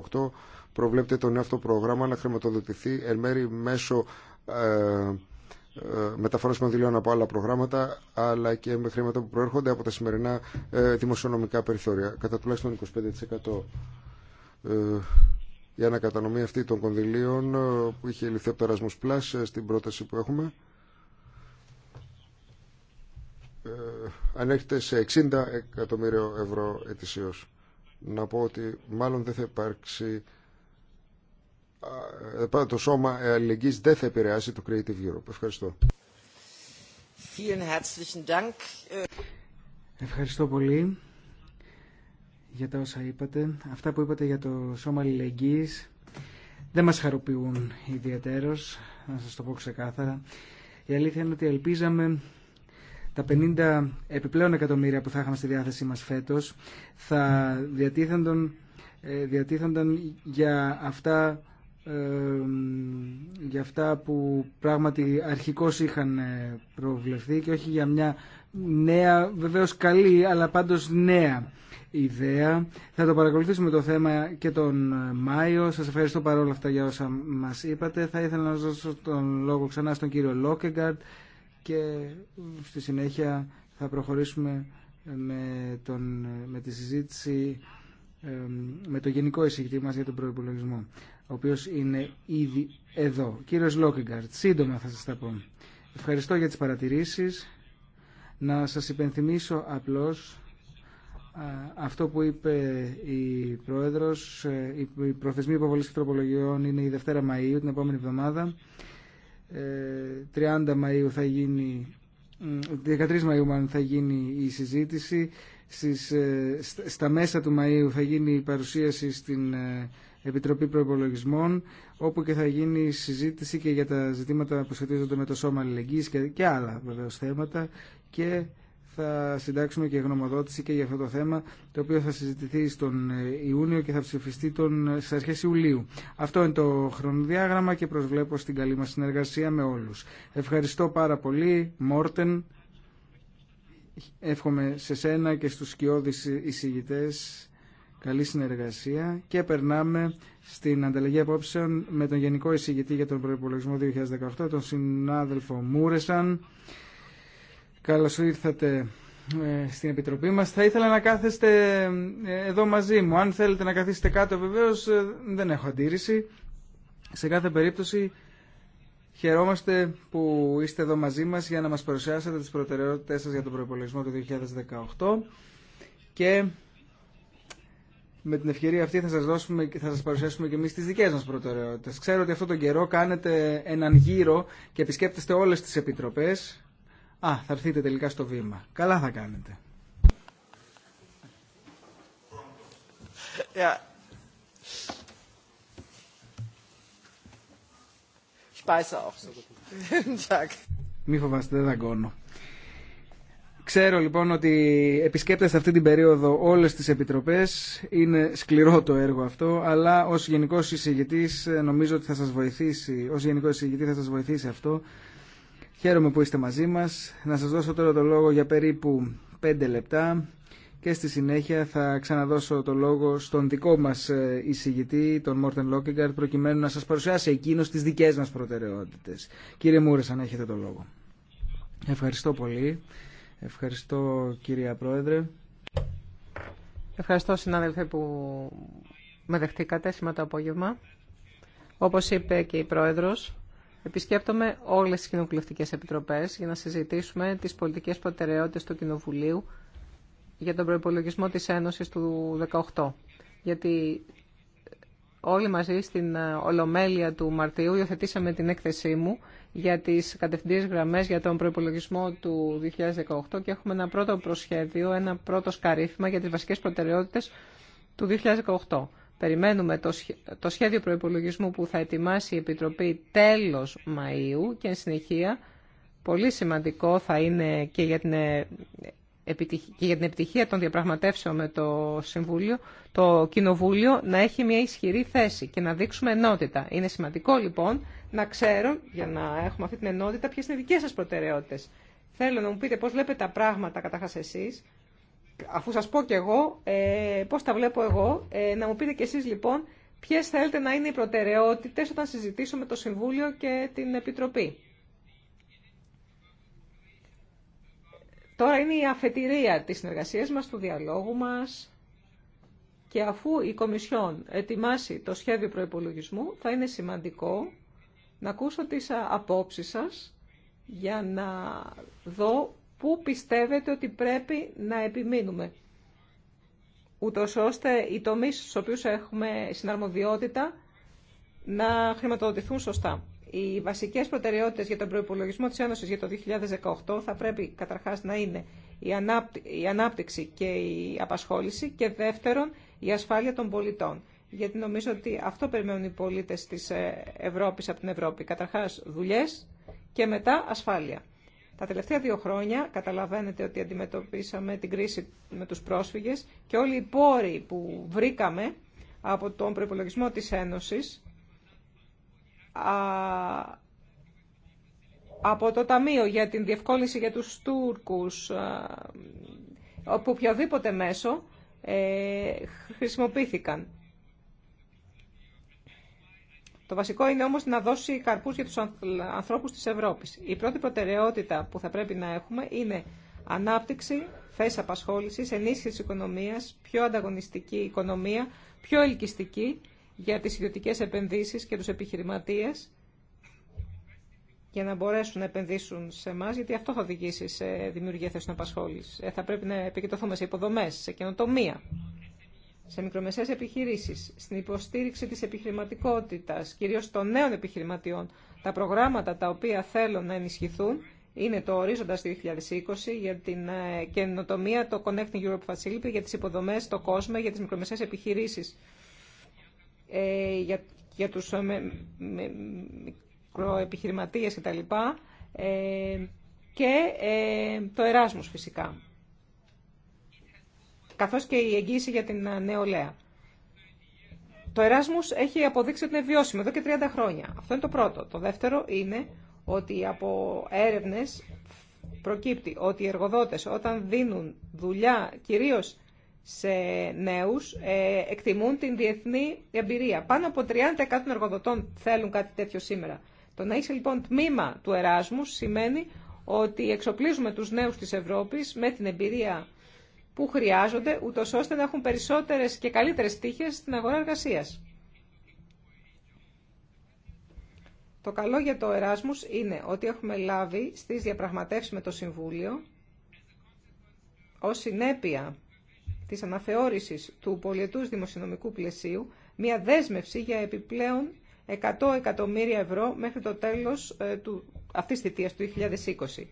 Speaker 3: 2018, προβλέπεται το νέο αυτό πρόγραμμα να χρηματοδοτηθεί εν μέρη μέσω ε, ε, Μεταφορά κονδυλίων από άλλα προγράμματα αλλά και με χρήματα που προέρχονται από τα σημερινά ε, δημοσιονομικά περιθώρια κατά τουλάχιστον 25% ε, η ανακατανομή αυτή των κονδυλίων που είχε ληφθεί από το Erasmus Plus στην πρόταση που έχουμε ανέρχεται σε 60 εκατομμύριο ευρώ ετησίως. Να πω ότι μάλλον δεν θα υπάρξει ε, το σώμα αλληλεγγύης δεν θα επηρεάσει το Creative Europe. Ευχαριστώ.
Speaker 1: Ευχαριστώ πολύ για τα όσα είπατε. Αυτά που είπατε για το σώμα αλληλεγγύης δεν μας χαροποιούν ιδιαίτερως, να σας το πω ξεκάθαρα. Η αλήθεια είναι ότι ελπίζαμε τα 50 επιπλέον εκατομμύρια που θα είχαμε στη διάθεσή μας φέτος θα διατίθενταν, ε, διατίθενταν για αυτά ε, για αυτά που πράγματι αρχικώς είχαν ε, προβλεφθεί και όχι για μια νέα, βεβαίως καλή, αλλά πάντως νέα ιδέα. Θα το παρακολουθήσουμε το θέμα και τον ε, Μάιο. Σας ευχαριστώ παρόλα αυτά για όσα μας είπατε. Θα ήθελα να δώσω τον λόγο ξανά στον κύριο Λόκεγκαρτ και στη συνέχεια θα προχωρήσουμε με, τον, με τη συζήτηση με το γενικό εισηγητή μας για τον προϋπολογισμό ο οποίος είναι ήδη εδώ. Κύριος Λόκεγκαρτ, σύντομα θα σας τα πω. Ευχαριστώ για τις παρατηρήσεις. Να σας υπενθυμίσω απλώς αυτό που είπε η Πρόεδρος, ε, η προθεσμή υποβολής τροπολογιών είναι η Δευτέρα Μαΐου, την επόμενη εβδομάδα. 30 ε, Μαΐου θα γίνει 13 Μαΐου μάλλον θα γίνει η συζήτηση. Ε, στα μέσα του Μαΐου θα γίνει η παρουσίαση στην Επιτροπή Προπολογισμών, όπου και θα γίνει συζήτηση και για τα ζητήματα που σχετίζονται με το σώμα αλληλεγγύης και, και άλλα βεβαίω θέματα και θα συντάξουμε και γνωμοδότηση και για αυτό το θέμα, το οποίο θα συζητηθεί στον ε, Ιούνιο και θα ψηφιστεί τον, ε, στις αρχές Ιουλίου. Αυτό είναι το χρονοδιάγραμμα και προσβλέπω στην καλή μας συνεργασία με όλους. Ευχαριστώ πάρα πολύ, Μόρτεν. Εύχομαι σε σένα και στους σκιώδεις εισηγητές καλή συνεργασία και περνάμε στην ανταλλαγή απόψεων με τον Γενικό Εισηγητή για τον προπολογισμό 2018, τον συνάδελφο Μούρεσαν. Καλώς ήρθατε ε, στην Επιτροπή μας. Θα ήθελα να κάθεστε ε, εδώ μαζί μου. Αν θέλετε να καθίσετε κάτω βεβαίως ε, δεν έχω αντίρρηση. Σε κάθε περίπτωση χαιρόμαστε που είστε εδώ μαζί μας για να μας παρουσιάσετε τις προτεραιότητες σας για τον προπολογισμό του 2018 και με την ευκαιρία αυτή θα σας, δώσουμε, θα σας παρουσιάσουμε και εμείς τις δικές μας προτεραιότητες. Ξέρω ότι αυτόν τον καιρό κάνετε έναν γύρο και επισκέπτεστε όλες τις επιτροπές. Α, θα έρθετε τελικά στο βήμα. Καλά θα κάνετε. Yeah. Μη φοβάστε, δεν δαγκώνω. Ξέρω λοιπόν ότι επισκέπτεστε αυτή την περίοδο όλε τι επιτροπέ. Είναι σκληρό το έργο αυτό, αλλά ω γενικό εισηγητή ε, νομίζω ότι θα σα βοηθήσει, ω γενικό εισηγητή θα σα βοηθήσει αυτό. Χαίρομαι που είστε μαζί μα Να σα δώσω τώρα το λόγο για περίπου 5 λεπτά και στη συνέχεια θα ξαναδώσω το λόγο στον δικό μα ε, εισηγητή, τον Μόρτεν Λόκεγκαρτ, προκειμένου να σα παρουσιάσει εκείνο τι δικέ μα προτεραιότητε. Κύριε Μούρε, αν έχετε το λόγο. Ευχαριστώ πολύ. Ευχαριστώ κυρία Πρόεδρε. Ευχαριστώ συνάδελφε που με δεχτήκατε σήμερα
Speaker 2: το απόγευμα. Όπως είπε και η Πρόεδρος, επισκέπτομαι όλες τις κοινοβουλευτικές επιτροπές για να συζητήσουμε τις πολιτικές προτεραιότητες του Κοινοβουλίου για τον προϋπολογισμό της Ένωσης του 2018. Γιατί όλοι μαζί στην ε, Ολομέλεια του Μαρτίου υιοθετήσαμε την έκθεσή μου για τις κατευθυντήριες γραμμές για τον προϋπολογισμό του 2018 και έχουμε ένα πρώτο προσχέδιο, ένα πρώτο σκαρίφημα για τις βασικές προτεραιότητες του 2018. Περιμένουμε το σχέδιο προϋπολογισμού που θα ετοιμάσει η Επιτροπή τέλος Μαΐου και εν συνεχεία πολύ σημαντικό θα είναι και για την ε, και για την επιτυχία των διαπραγματεύσεων με το Συμβούλιο, το Κοινοβούλιο να έχει μια ισχυρή θέση και να δείξουμε ενότητα. Είναι σημαντικό λοιπόν να ξέρουν, για να έχουμε αυτή την ενότητα, ποιε είναι οι δικέ σα προτεραιότητε. Θέλω να μου πείτε πώ βλέπετε τα πράγματα καταρχά εσεί, αφού σα πω κι εγώ ε, πώ τα βλέπω εγώ, ε, να μου πείτε κι εσεί λοιπόν ποιε θέλετε να είναι οι προτεραιότητε όταν συζητήσουμε το Συμβούλιο και την Επιτροπή. Τώρα είναι η αφετηρία της συνεργασίας μας, του διαλόγου μας και αφού η Κομισιόν ετοιμάσει το σχέδιο προϋπολογισμού θα είναι σημαντικό να ακούσω τις απόψεις σας για να δω πού πιστεύετε ότι πρέπει να επιμείνουμε ούτω ώστε οι τομείς στους οποίους έχουμε συναρμοδιότητα να χρηματοδοτηθούν σωστά. Οι βασικές προτεραιότητες για τον προϋπολογισμό της Ένωσης για το 2018 θα πρέπει καταρχάς να είναι η ανάπτυξη και η απασχόληση και δεύτερον η ασφάλεια των πολιτών. Γιατί νομίζω ότι αυτό περιμένουν οι πολίτες της ε, Ευρώπης από την Ευρώπη. Καταρχάς δουλειές και μετά ασφάλεια. Τα τελευταία δύο χρόνια καταλαβαίνετε ότι αντιμετωπίσαμε την κρίση με τους πρόσφυγες και όλοι οι πόροι που βρήκαμε από τον προπολογισμό της Ένωσης από το Ταμείο για την διευκόλυνση για τους Τούρκους, όπου οποιοδήποτε μέσο ε, χρησιμοποιήθηκαν. Το βασικό είναι όμως να δώσει καρπούς για τους ανθρώπους της Ευρώπης. Η πρώτη προτεραιότητα που θα πρέπει να έχουμε είναι ανάπτυξη, θέση απασχόλησης, ενίσχυση οικονομίας, πιο ανταγωνιστική οικονομία, πιο ελκυστική για τις ιδιωτικές επενδύσεις και τους επιχειρηματίες για να μπορέσουν να επενδύσουν σε εμά, γιατί αυτό θα οδηγήσει σε δημιουργία θέσεων απασχόληση. Ε, θα πρέπει να επικεντρωθούμε σε υποδομέ, σε καινοτομία, σε μικρομεσαίες επιχειρήσει, στην υποστήριξη τη επιχειρηματικότητα, κυρίω των νέων επιχειρηματιών. Τα προγράμματα τα οποία θέλουν να ενισχυθούν είναι το Ορίζοντα 2020 για την ε, καινοτομία, το Connecting Europe Facility για τι υποδομέ, το κόσμο, για τι μικρομεσαίε επιχειρήσει ε, για, για τους ε, με, με, μικροεπιχειρηματίες κτλ. Ε, και το Εράσμους φυσικά. Καθώς και η εγγύηση για την νεολαία. Το Εράσμους έχει αποδείξει ότι είναι βιώσιμο εδώ και 30 χρόνια. Αυτό είναι το πρώτο. Το δεύτερο είναι ότι από έρευνες προκύπτει ότι οι εργοδότες όταν δίνουν δουλειά κυρίως σε νέους ε, εκτιμούν την διεθνή εμπειρία. Πάνω από 30% εργοδοτών θέλουν κάτι τέτοιο σήμερα. Το να είσαι λοιπόν τμήμα του Εράσμου σημαίνει ότι εξοπλίζουμε τους νέους της Ευρώπης με την εμπειρία που χρειάζονται, ούτω ώστε να έχουν περισσότερες και καλύτερες τύχες στην αγορά εργασίας. Το καλό για το Εράσμους είναι ότι έχουμε λάβει στις διαπραγματεύσεις με το Συμβούλιο ως συνέπεια της αναθεώρησης του πολιετούς δημοσιονομικού πλαισίου μια δέσμευση για επιπλέον 100 εκατομμύρια ευρώ μέχρι το τέλος ε, του, αυτής της θητείας του 2020.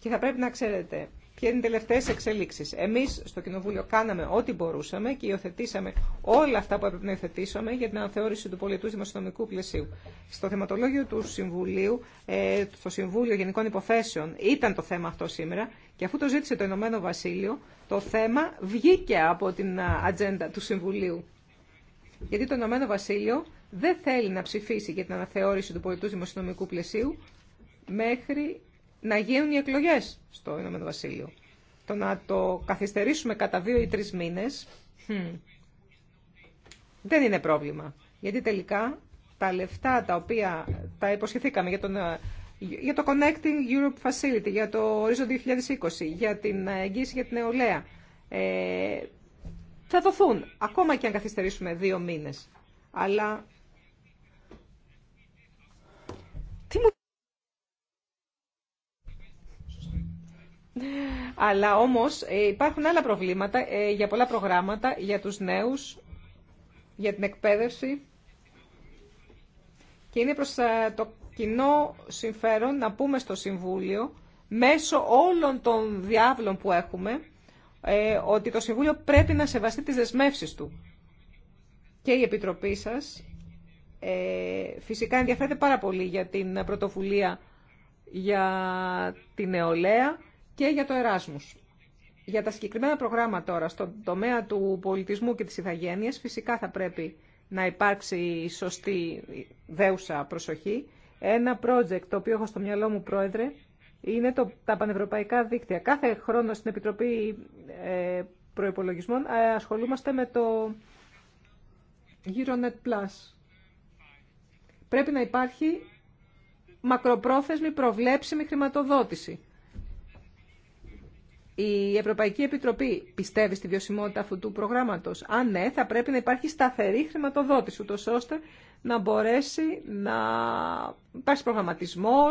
Speaker 2: Και θα πρέπει να ξέρετε ποιε είναι οι τελευταίε εξελίξει. Εμείς στο Κοινοβούλιο κάναμε ό,τι μπορούσαμε και υιοθετήσαμε όλα αυτά που έπρεπε να υιοθετήσουμε για την αναθεώρηση του πολιτού δημοσιονομικού πλαισίου. Στο θεματολόγιο του Συμβουλίου, ε, στο Συμβούλιο Γενικών Υποθέσεων ήταν το θέμα αυτό σήμερα και αφού το ζήτησε το Ηνωμένο Βασίλειο, το θέμα βγήκε από την ατζέντα του Συμβουλίου. Γιατί το Ηνωμένο Βασίλειο δεν θέλει να ψηφίσει για την αναθεώρηση του πολιτού δημοσιονομικού πλαισίου μέχρι να γίνουν οι εκλογές στο Ηνωμένο Βασίλειο. Το να το καθυστερήσουμε κατά δύο ή τρεις μήνες δεν είναι πρόβλημα. Γιατί τελικά τα λεφτά τα οποία τα υποσχεθήκαμε για, τον, ε, για το Connecting Europe Facility, για το Horizon 2020, για την εγγύηση για την νεολαία, ε, θα δοθούν, ακόμα και αν καθυστερήσουμε δύο μήνες. Αλλά... Αλλά όμως ε, υπάρχουν άλλα προβλήματα ε, για πολλά προγράμματα, για τους νέους, για την εκπαίδευση και είναι προς ε, το κοινό συμφέρον να πούμε στο Συμβούλιο μέσω όλων των διάβλων που έχουμε ότι το Συμβούλιο πρέπει να σεβαστεί τις δεσμεύσεις του. Και η Επιτροπή σας φυσικά ενδιαφέρεται πάρα πολύ για την πρωτοβουλία για την νεολαία και για το Εράσμους. Για τα συγκεκριμένα προγράμματα τώρα, στον τομέα του πολιτισμού και της ηθαγένεια, φυσικά θα πρέπει να υπάρξει σωστή δέουσα προσοχή. Ένα project το οποίο έχω στο μυαλό μου, Πρόεδρε, είναι το, τα πανευρωπαϊκά δίκτυα. Κάθε χρόνο στην Επιτροπή ε, ε ασχολούμαστε με το Euronet Plus. Πρέπει να υπάρχει μακροπρόθεσμη προβλέψιμη χρηματοδότηση. Η Ευρωπαϊκή Επιτροπή πιστεύει στη βιωσιμότητα αυτού του προγράμματο. Αν ναι, θα πρέπει να υπάρχει σταθερή χρηματοδότηση, ούτω ώστε να μπορέσει να υπάρξει προγραμματισμό.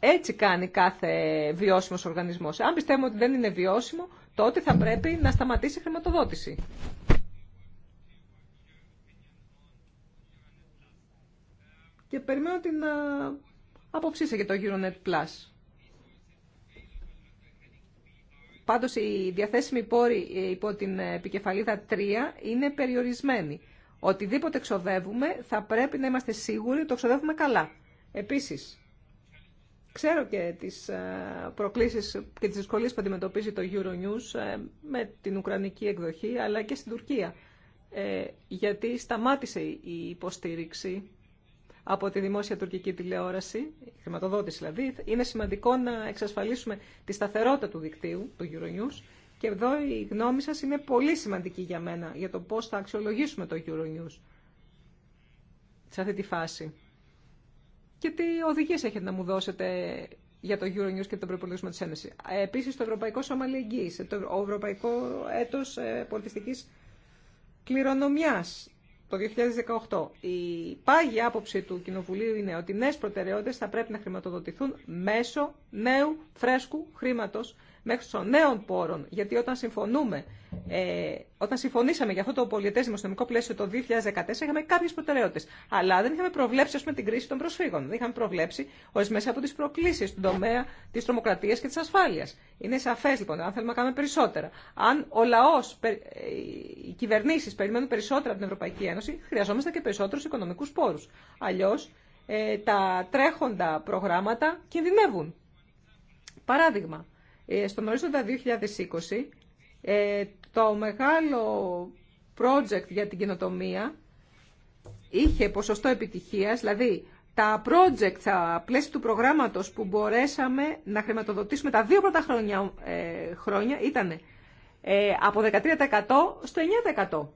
Speaker 2: Ε, έτσι κάνει κάθε βιώσιμος οργανισμός. Αν πιστεύουμε ότι δεν είναι βιώσιμο, τότε θα πρέπει να σταματήσει η χρηματοδότηση. Και περιμένω την ε, αποψήσε το Euronet Plus. Πάντως οι διαθέσιμοι πόροι ε, υπό την επικεφαλίδα 3 είναι περιορισμένοι. Οτιδήποτε ξοδεύουμε θα πρέπει να είμαστε σίγουροι ότι το ξοδεύουμε καλά. Επίσης, ξέρω και τις ε, προκλήσεις και τις δυσκολίες που αντιμετωπίζει το Euronews ε, με την Ουκρανική εκδοχή αλλά και στην Τουρκία. Γιατί σταμάτησε η υποστήριξη από τη δημόσια τουρκική τηλεόραση, χρηματοδότηση δηλαδή, είναι σημαντικό να εξασφαλίσουμε τη σταθερότητα του δικτύου, του Euronews, και εδώ η γνώμη σας είναι πολύ σημαντική για μένα, για το πώς θα αξιολογήσουμε το Euronews σε αυτή τη φάση. Και τι οδηγίες έχετε να μου δώσετε για το Euronews και το προπολογισμό της Ένωσης. Ε, επίσης, το Ευρωπαϊκό Σώμα το Ευρωπαϊκό Έτος ε, Πολιτιστικής Κληρονομιάς, το 2018. Η πάγια άποψη του Κοινοβουλίου είναι ότι νέε προτεραιότητε θα πρέπει να χρηματοδοτηθούν μέσω νέου φρέσκου χρήματο μέχρι των νέων πόρων, γιατί όταν, συμφωνούμε, ε, όταν συμφωνήσαμε για αυτό το πολιτεύσιο νομικό πλαίσιο το 2014, είχαμε κάποιε προτεραιότητε. Αλλά δεν είχαμε προβλέψει, πούμε, την κρίση των προσφύγων. Δεν είχαμε προβλέψει μέσα από τι προκλήσει του τομέα τη τρομοκρατία και τη ασφάλεια. Είναι σαφέ, λοιπόν, αν θέλουμε να κάνουμε περισσότερα. Αν ο λαό, ε, οι κυβερνήσει περιμένουν περισσότερα από την Ευρωπαϊκή Ένωση, χρειαζόμαστε και περισσότερου οικονομικού πόρου. Αλλιώ ε, τα τρέχοντα προγράμματα κινδυνεύουν. Παράδειγμα, ε, στον ορίζοντα 2020, ε, το μεγάλο project για την κοινοτομία είχε ποσοστό επιτυχίας, δηλαδή τα project, τα πλαίσια του προγράμματος που μπορέσαμε να χρηματοδοτήσουμε τα δύο πρώτα χρόνια, ε, ήταν ε, από 13% στο 9%.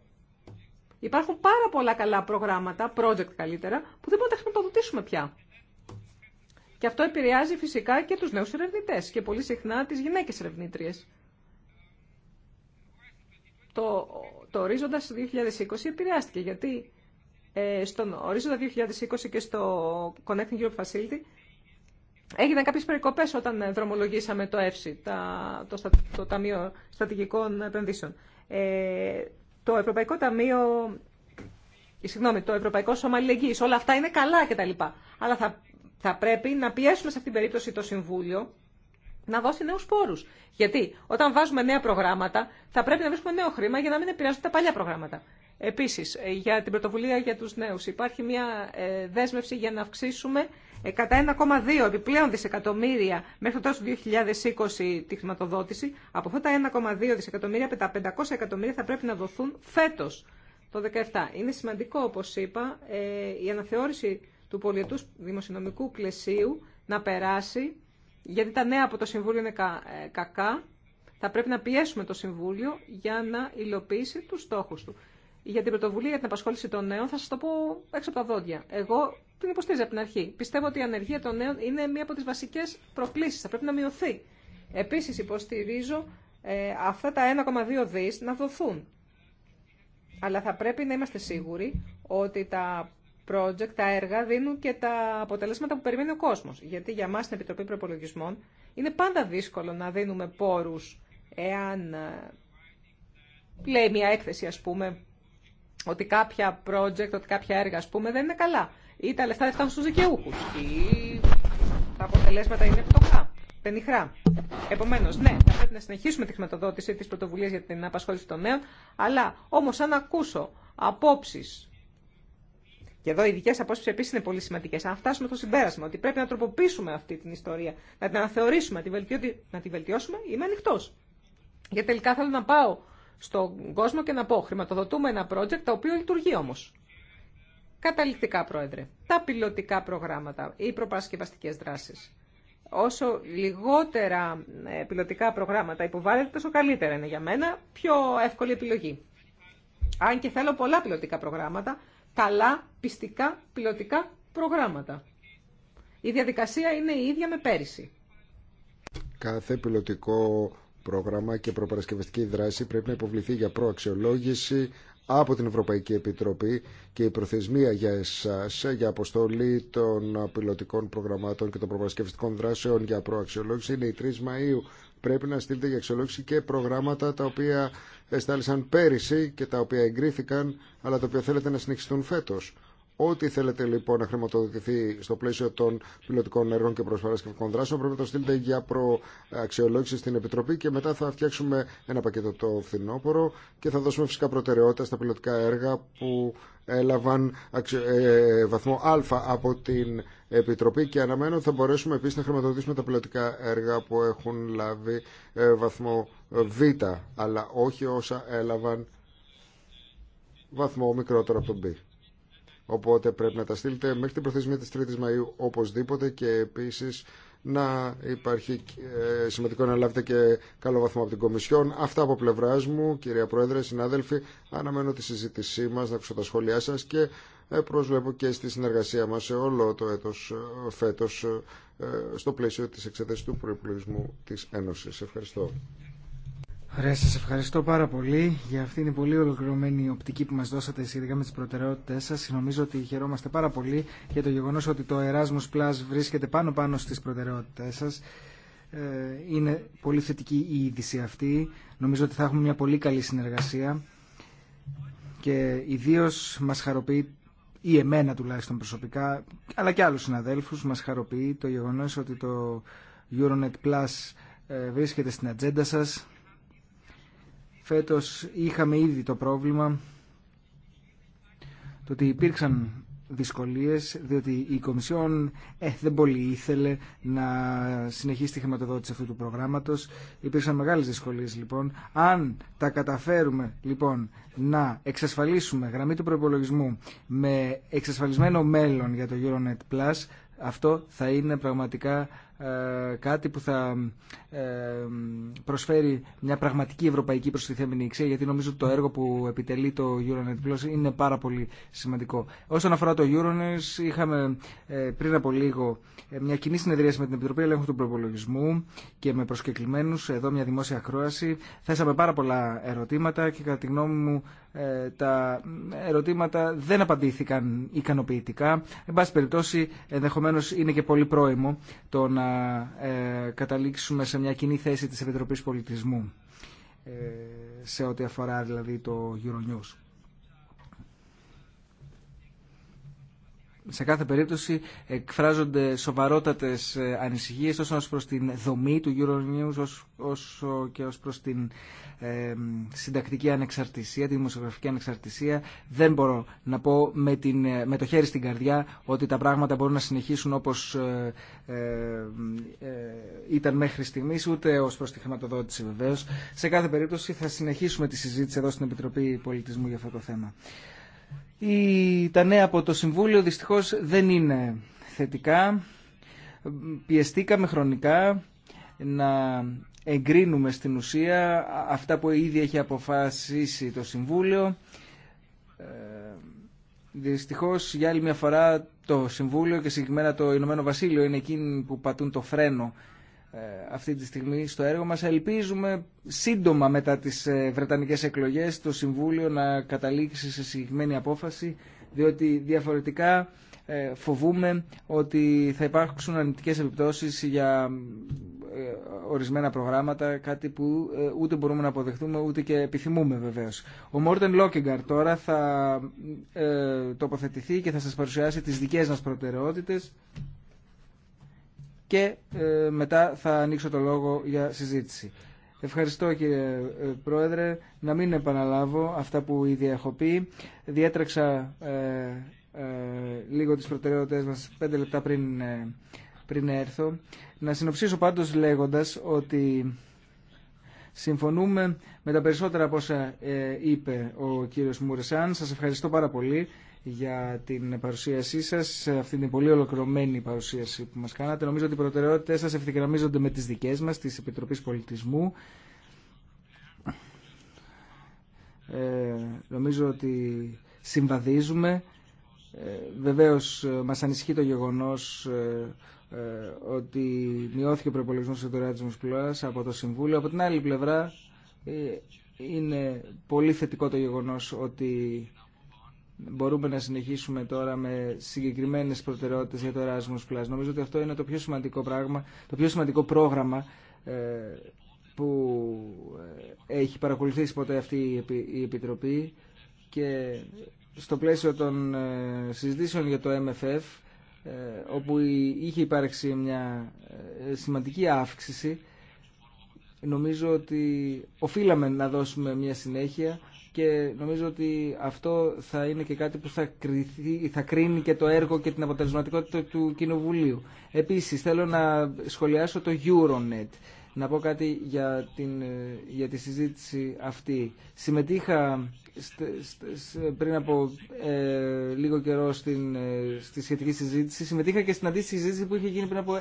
Speaker 2: Υπάρχουν πάρα πολλά καλά προγράμματα, project καλύτερα, που δεν μπορούμε να τα χρηματοδοτήσουμε πια. Και αυτό επηρεάζει φυσικά και τους νέους ερευνητέ και πολύ συχνά τις γυναίκες ερευνήτριε. Το, το ορίζοντας 2020 επηρεάστηκε γιατί ε, στον ορίζοντα 2020 και στο Connecting Europe Facility έγιναν κάποιες περικοπές όταν δρομολογήσαμε το ΕΦΣΙ, το, το, το Ταμείο Στατηγικών Επενδύσεων. Ε, το Ευρωπαϊκό Ταμείο, ε, συγγνώμη, το Ευρωπαϊκό Σώμα Αλληλεγγύης, όλα αυτά είναι καλά κτλ. Αλλά θα θα πρέπει να πιέσουμε σε αυτήν την περίπτωση το Συμβούλιο να δώσει νέου πόρου. Γιατί όταν βάζουμε νέα προγράμματα, θα πρέπει να βρίσκουμε νέο χρήμα για να μην επηρεάζονται τα παλιά προγράμματα. Επίση, ε, για την πρωτοβουλία για του νέου, υπάρχει μια ε, δέσμευση για να αυξήσουμε ε, κατά 1,2 επιπλέον δισεκατομμύρια μέχρι το τέλο του 2020 τη χρηματοδότηση. Από αυτά τα 1,2 δισεκατομμύρια, τα 500 εκατομμύρια θα πρέπει να δοθούν φέτο, το 2017. Είναι σημαντικό, όπω είπα, η αναθεώρηση του πολιετού δημοσιονομικού πλαισίου να περάσει, γιατί τα νέα από το Συμβούλιο είναι ε, κακά. Θα πρέπει να πιέσουμε το Συμβούλιο για να υλοποιήσει τους στόχους του. Για την πρωτοβουλία για την απασχόληση των νέων θα σα το πω έξω από τα δόντια. Εγώ την υποστήριζα από την αρχή. Πιστεύω ότι η ανεργία των νέων είναι μία από τι βασικέ προκλήσει. Θα πρέπει να μειωθεί. Επίση, υποστηρίζω ε, αυτά τα 1,2 δι να δοθούν. Αλλά θα πρέπει να είμαστε σίγουροι ότι τα project, τα έργα δίνουν και τα αποτελέσματα που περιμένει ο κόσμος. Γιατί για μας στην Επιτροπή Προπολογισμών είναι πάντα δύσκολο να δίνουμε πόρους εάν ε, λέει μια έκθεση ας πούμε ότι κάποια project, ότι κάποια έργα ας πούμε δεν είναι καλά ή τα λεφτά δεν φτάνουν στους δικαιούχους ή τα αποτελέσματα είναι φτωχά, πενιχρά. Επομένως, ναι, θα πρέπει να συνεχίσουμε τη χρηματοδότηση της πρωτοβουλίας για την απασχόληση των νέων, αλλά όμως αν ακούσω απόψεις και εδώ οι δικέ απόψει επίση είναι πολύ σημαντικέ. Αν φτάσουμε στο συμπέρασμα ότι πρέπει να τροποποιήσουμε αυτή την ιστορία, να την αναθεωρήσουμε, να τη βελτιώσουμε, είμαι ανοιχτό. Γιατί τελικά θέλω να πάω στον κόσμο και να πω χρηματοδοτούμε ένα project το οποίο λειτουργεί όμω. Καταληκτικά, Πρόεδρε, τα πιλωτικά προγράμματα ή προπαρασκευαστικές δράσει. Όσο λιγότερα ε, πιλωτικά προγράμματα υποβάλλεται, τόσο καλύτερα είναι για μένα, πιο εύκολη επιλογή. Αν και θέλω πολλά πιλωτικά προγράμματα, καλά, πιστικά, πιλωτικά προγράμματα. Η διαδικασία είναι η ίδια με πέρυσι.
Speaker 3: Κάθε πιλωτικό πρόγραμμα και προπαρασκευαστική δράση πρέπει να υποβληθεί για προαξιολόγηση από την Ευρωπαϊκή Επιτροπή και η προθεσμία για εσάς για αποστολή των πιλωτικών προγραμμάτων και των προπαρασκευαστικών δράσεων για προαξιολόγηση είναι η 3 Μαΐου πρέπει να στείλετε για αξιολόγηση και προγράμματα τα οποία εστάλησαν πέρυσι και τα οποία εγκρίθηκαν, αλλά τα οποία θέλετε να συνεχιστούν φέτος. Ό,τι θέλετε λοιπόν να χρηματοδοτηθεί στο πλαίσιο των πιλωτικών έργων και προσφαρασκευτικών δράσεων πρέπει να το στείλετε για προαξιολόγηση στην Επιτροπή και μετά θα φτιάξουμε ένα πακέτο το φθινόπωρο και θα δώσουμε φυσικά προτεραιότητα στα πιλωτικά έργα που έλαβαν ε, βαθμό Α από την Επιτροπή και αναμένω ότι θα μπορέσουμε επίσης να χρηματοδοτήσουμε τα πιλωτικά έργα που έχουν λάβει ε, βαθμό Β, αλλά όχι όσα έλαβαν βαθμό μικρότερο από τον Β. Οπότε πρέπει να τα στείλετε μέχρι την προθεσμία της 3ης Μαΐου οπωσδήποτε και επίσης να υπάρχει ε, σημαντικό να λάβετε και καλό βαθμό από την Κομισιόν. Αυτά από πλευρά μου, κυρία Πρόεδρε, συνάδελφοι. Αναμένω τη συζήτησή μα, να ακούσω τα σχόλιά σα και ε, προσβλέπω και στη συνεργασία μα σε όλο το έτο ε, φέτο στο πλαίσιο τη εξέταση του προπολογισμού τη Ένωση. Ευχαριστώ.
Speaker 1: Ωραία, σας ευχαριστώ πάρα πολύ για αυτήν την πολύ ολοκληρωμένη οπτική που μας δώσατε σχετικά με τις προτεραιότητες σας. Νομίζω ότι χαιρόμαστε πάρα πολύ για το γεγονός ότι το Erasmus Plus βρίσκεται πάνω-πάνω στις προτεραιότητες σας. Ε, είναι πολύ θετική η είδηση αυτή. Νομίζω ότι θα έχουμε μια πολύ καλή συνεργασία και ιδίω μας χαροποιεί ή εμένα τουλάχιστον προσωπικά, αλλά και άλλους συναδέλφους, μας χαροποιεί το γεγονός ότι το Euronet Plus ε, βρίσκεται στην ατζέντα σας Φέτος είχαμε ήδη το πρόβλημα το ότι υπήρξαν δυσκολίες διότι η Κομισιόν ε, δεν πολύ ήθελε να συνεχίσει τη χρηματοδότηση αυτού του προγράμματος. Υπήρξαν μεγάλες δυσκολίες λοιπόν. Αν τα καταφέρουμε λοιπόν να εξασφαλίσουμε γραμμή του προπολογισμού με εξασφαλισμένο μέλλον για το Euronet Plus αυτό θα είναι πραγματικά ε, κάτι που θα ε, προσφέρει μια πραγματική ευρωπαϊκή προστιθέμενη αξία, γιατί νομίζω το έργο που επιτελεί το Euronet Plus είναι πάρα πολύ σημαντικό. Όσον αφορά το Euronet, είχαμε ε, πριν από λίγο μια κοινή συνεδρίαση με την Επιτροπή Ελέγχου του Προπολογισμού και με προσκεκλημένους, εδώ μια δημόσια ακρόαση. Θέσαμε πάρα πολλά ερωτήματα και κατά τη γνώμη μου τα ερωτήματα δεν απαντήθηκαν ικανοποιητικά. Εν πάση περιπτώσει, ενδεχομένω είναι και πολύ πρόημο το να ε, καταλήξουμε σε μια κοινή θέση της Επιτροπής Πολιτισμού ε, σε ό,τι αφορά δηλαδή το Euronews. σε κάθε περίπτωση εκφράζονται σοβαρότατες ε, ανησυχίες τόσο ως προς την δομή του Euronews όσο και ως προς την συντακτική ανεξαρτησία, τη δημοσιογραφική ανεξαρτησία. Δεν μπορώ να πω με, την, ε, με το χέρι στην καρδιά ότι τα πράγματα μπορούν να συνεχίσουν όπως ε, ε, ε, ήταν μέχρι στιγμής, ούτε ως προς τη χρηματοδότηση βεβαίως. Σε κάθε περίπτωση θα συνεχίσουμε τη συζήτηση εδώ στην Επιτροπή Πολιτισμού για αυτό το θέμα. Η, τα νέα από το Συμβούλιο δυστυχώς δεν είναι θετικά. Πιεστήκαμε χρονικά να εγκρίνουμε στην ουσία αυτά που ήδη έχει αποφασίσει το Συμβούλιο. Ε, δυστυχώς για άλλη μια φορά το Συμβούλιο και συγκεκριμένα το Ηνωμένο Βασίλειο είναι εκείνοι που πατούν το φρένο ε, αυτή τη στιγμή στο έργο μας. Ελπίζουμε σύντομα μετά τις ε, Βρετανικές εκλογές το Συμβούλιο να καταλήξει σε συγκεκριμένη απόφαση, διότι διαφορετικά ε, φοβούμε ότι θα υπάρξουν αρνητικές επιπτώσεις για ορισμένα προγράμματα, κάτι που ούτε μπορούμε να αποδεχτούμε ούτε και επιθυμούμε βεβαίως. Ο Μόρτεν Λόκεγκαρ τώρα θα τοποθετηθεί και θα σας παρουσιάσει τις δικές μας προτεραιότητες και ε, μετά θα ανοίξω το λόγο για συζήτηση. Ευχαριστώ κύριε ε, Πρόεδρε. Να μην επαναλάβω αυτά που ήδη έχω πει. Διέτρεξα ε, ε, λίγο τις προτεραιότητες μας πέντε λεπτά πριν, ε, πριν έρθω. Να συνοψίσω πάντως λέγοντας ότι συμφωνούμε με τα περισσότερα από όσα είπε ο κύριος Μουρεσάν. Σας ευχαριστώ πάρα πολύ για την παρουσίασή σας, αυτή την πολύ ολοκληρωμένη παρουσίαση που μας κάνατε. Νομίζω ότι οι προτεραιότητες σας ευθυγραμμίζονται με τις δικές μας, τη επιτροπή Πολιτισμού. Ε, νομίζω ότι συμβαδίζουμε. Ε, βεβαίως μας ανισχύει το γεγονός ε, ε ότι μειώθηκε ο προπολογισμό του Εράσμου από το Συμβούλιο. Από την άλλη πλευρά, ε, είναι πολύ θετικό το γεγονό ότι μπορούμε να συνεχίσουμε τώρα με συγκεκριμένε προτεραιότητε για το Erasmus Plus. Νομίζω ότι αυτό είναι το πιο σημαντικό πράγμα, το πιο σημαντικό πρόγραμμα ε, που ε, έχει παρακολουθήσει ποτέ αυτή η Επιτροπή και στο πλαίσιο των ε, συζητήσεων για το MFF όπου είχε υπάρξει μια σημαντική αύξηση νομίζω ότι οφείλαμε να δώσουμε μια συνέχεια και νομίζω ότι αυτό θα είναι και κάτι που θα, θα κρίνει και το έργο και την αποτελεσματικότητα του Κοινοβουλίου. Επίσης θέλω να σχολιάσω το Euronet. Να πω κάτι για, την, για τη συζήτηση αυτή. Συμμετείχα πριν από ε, λίγο καιρό στην, ε, στη σχετική συζήτηση. Συμμετείχα και στην αντίστοιχη συζήτηση που είχε γίνει πριν από 5-6-7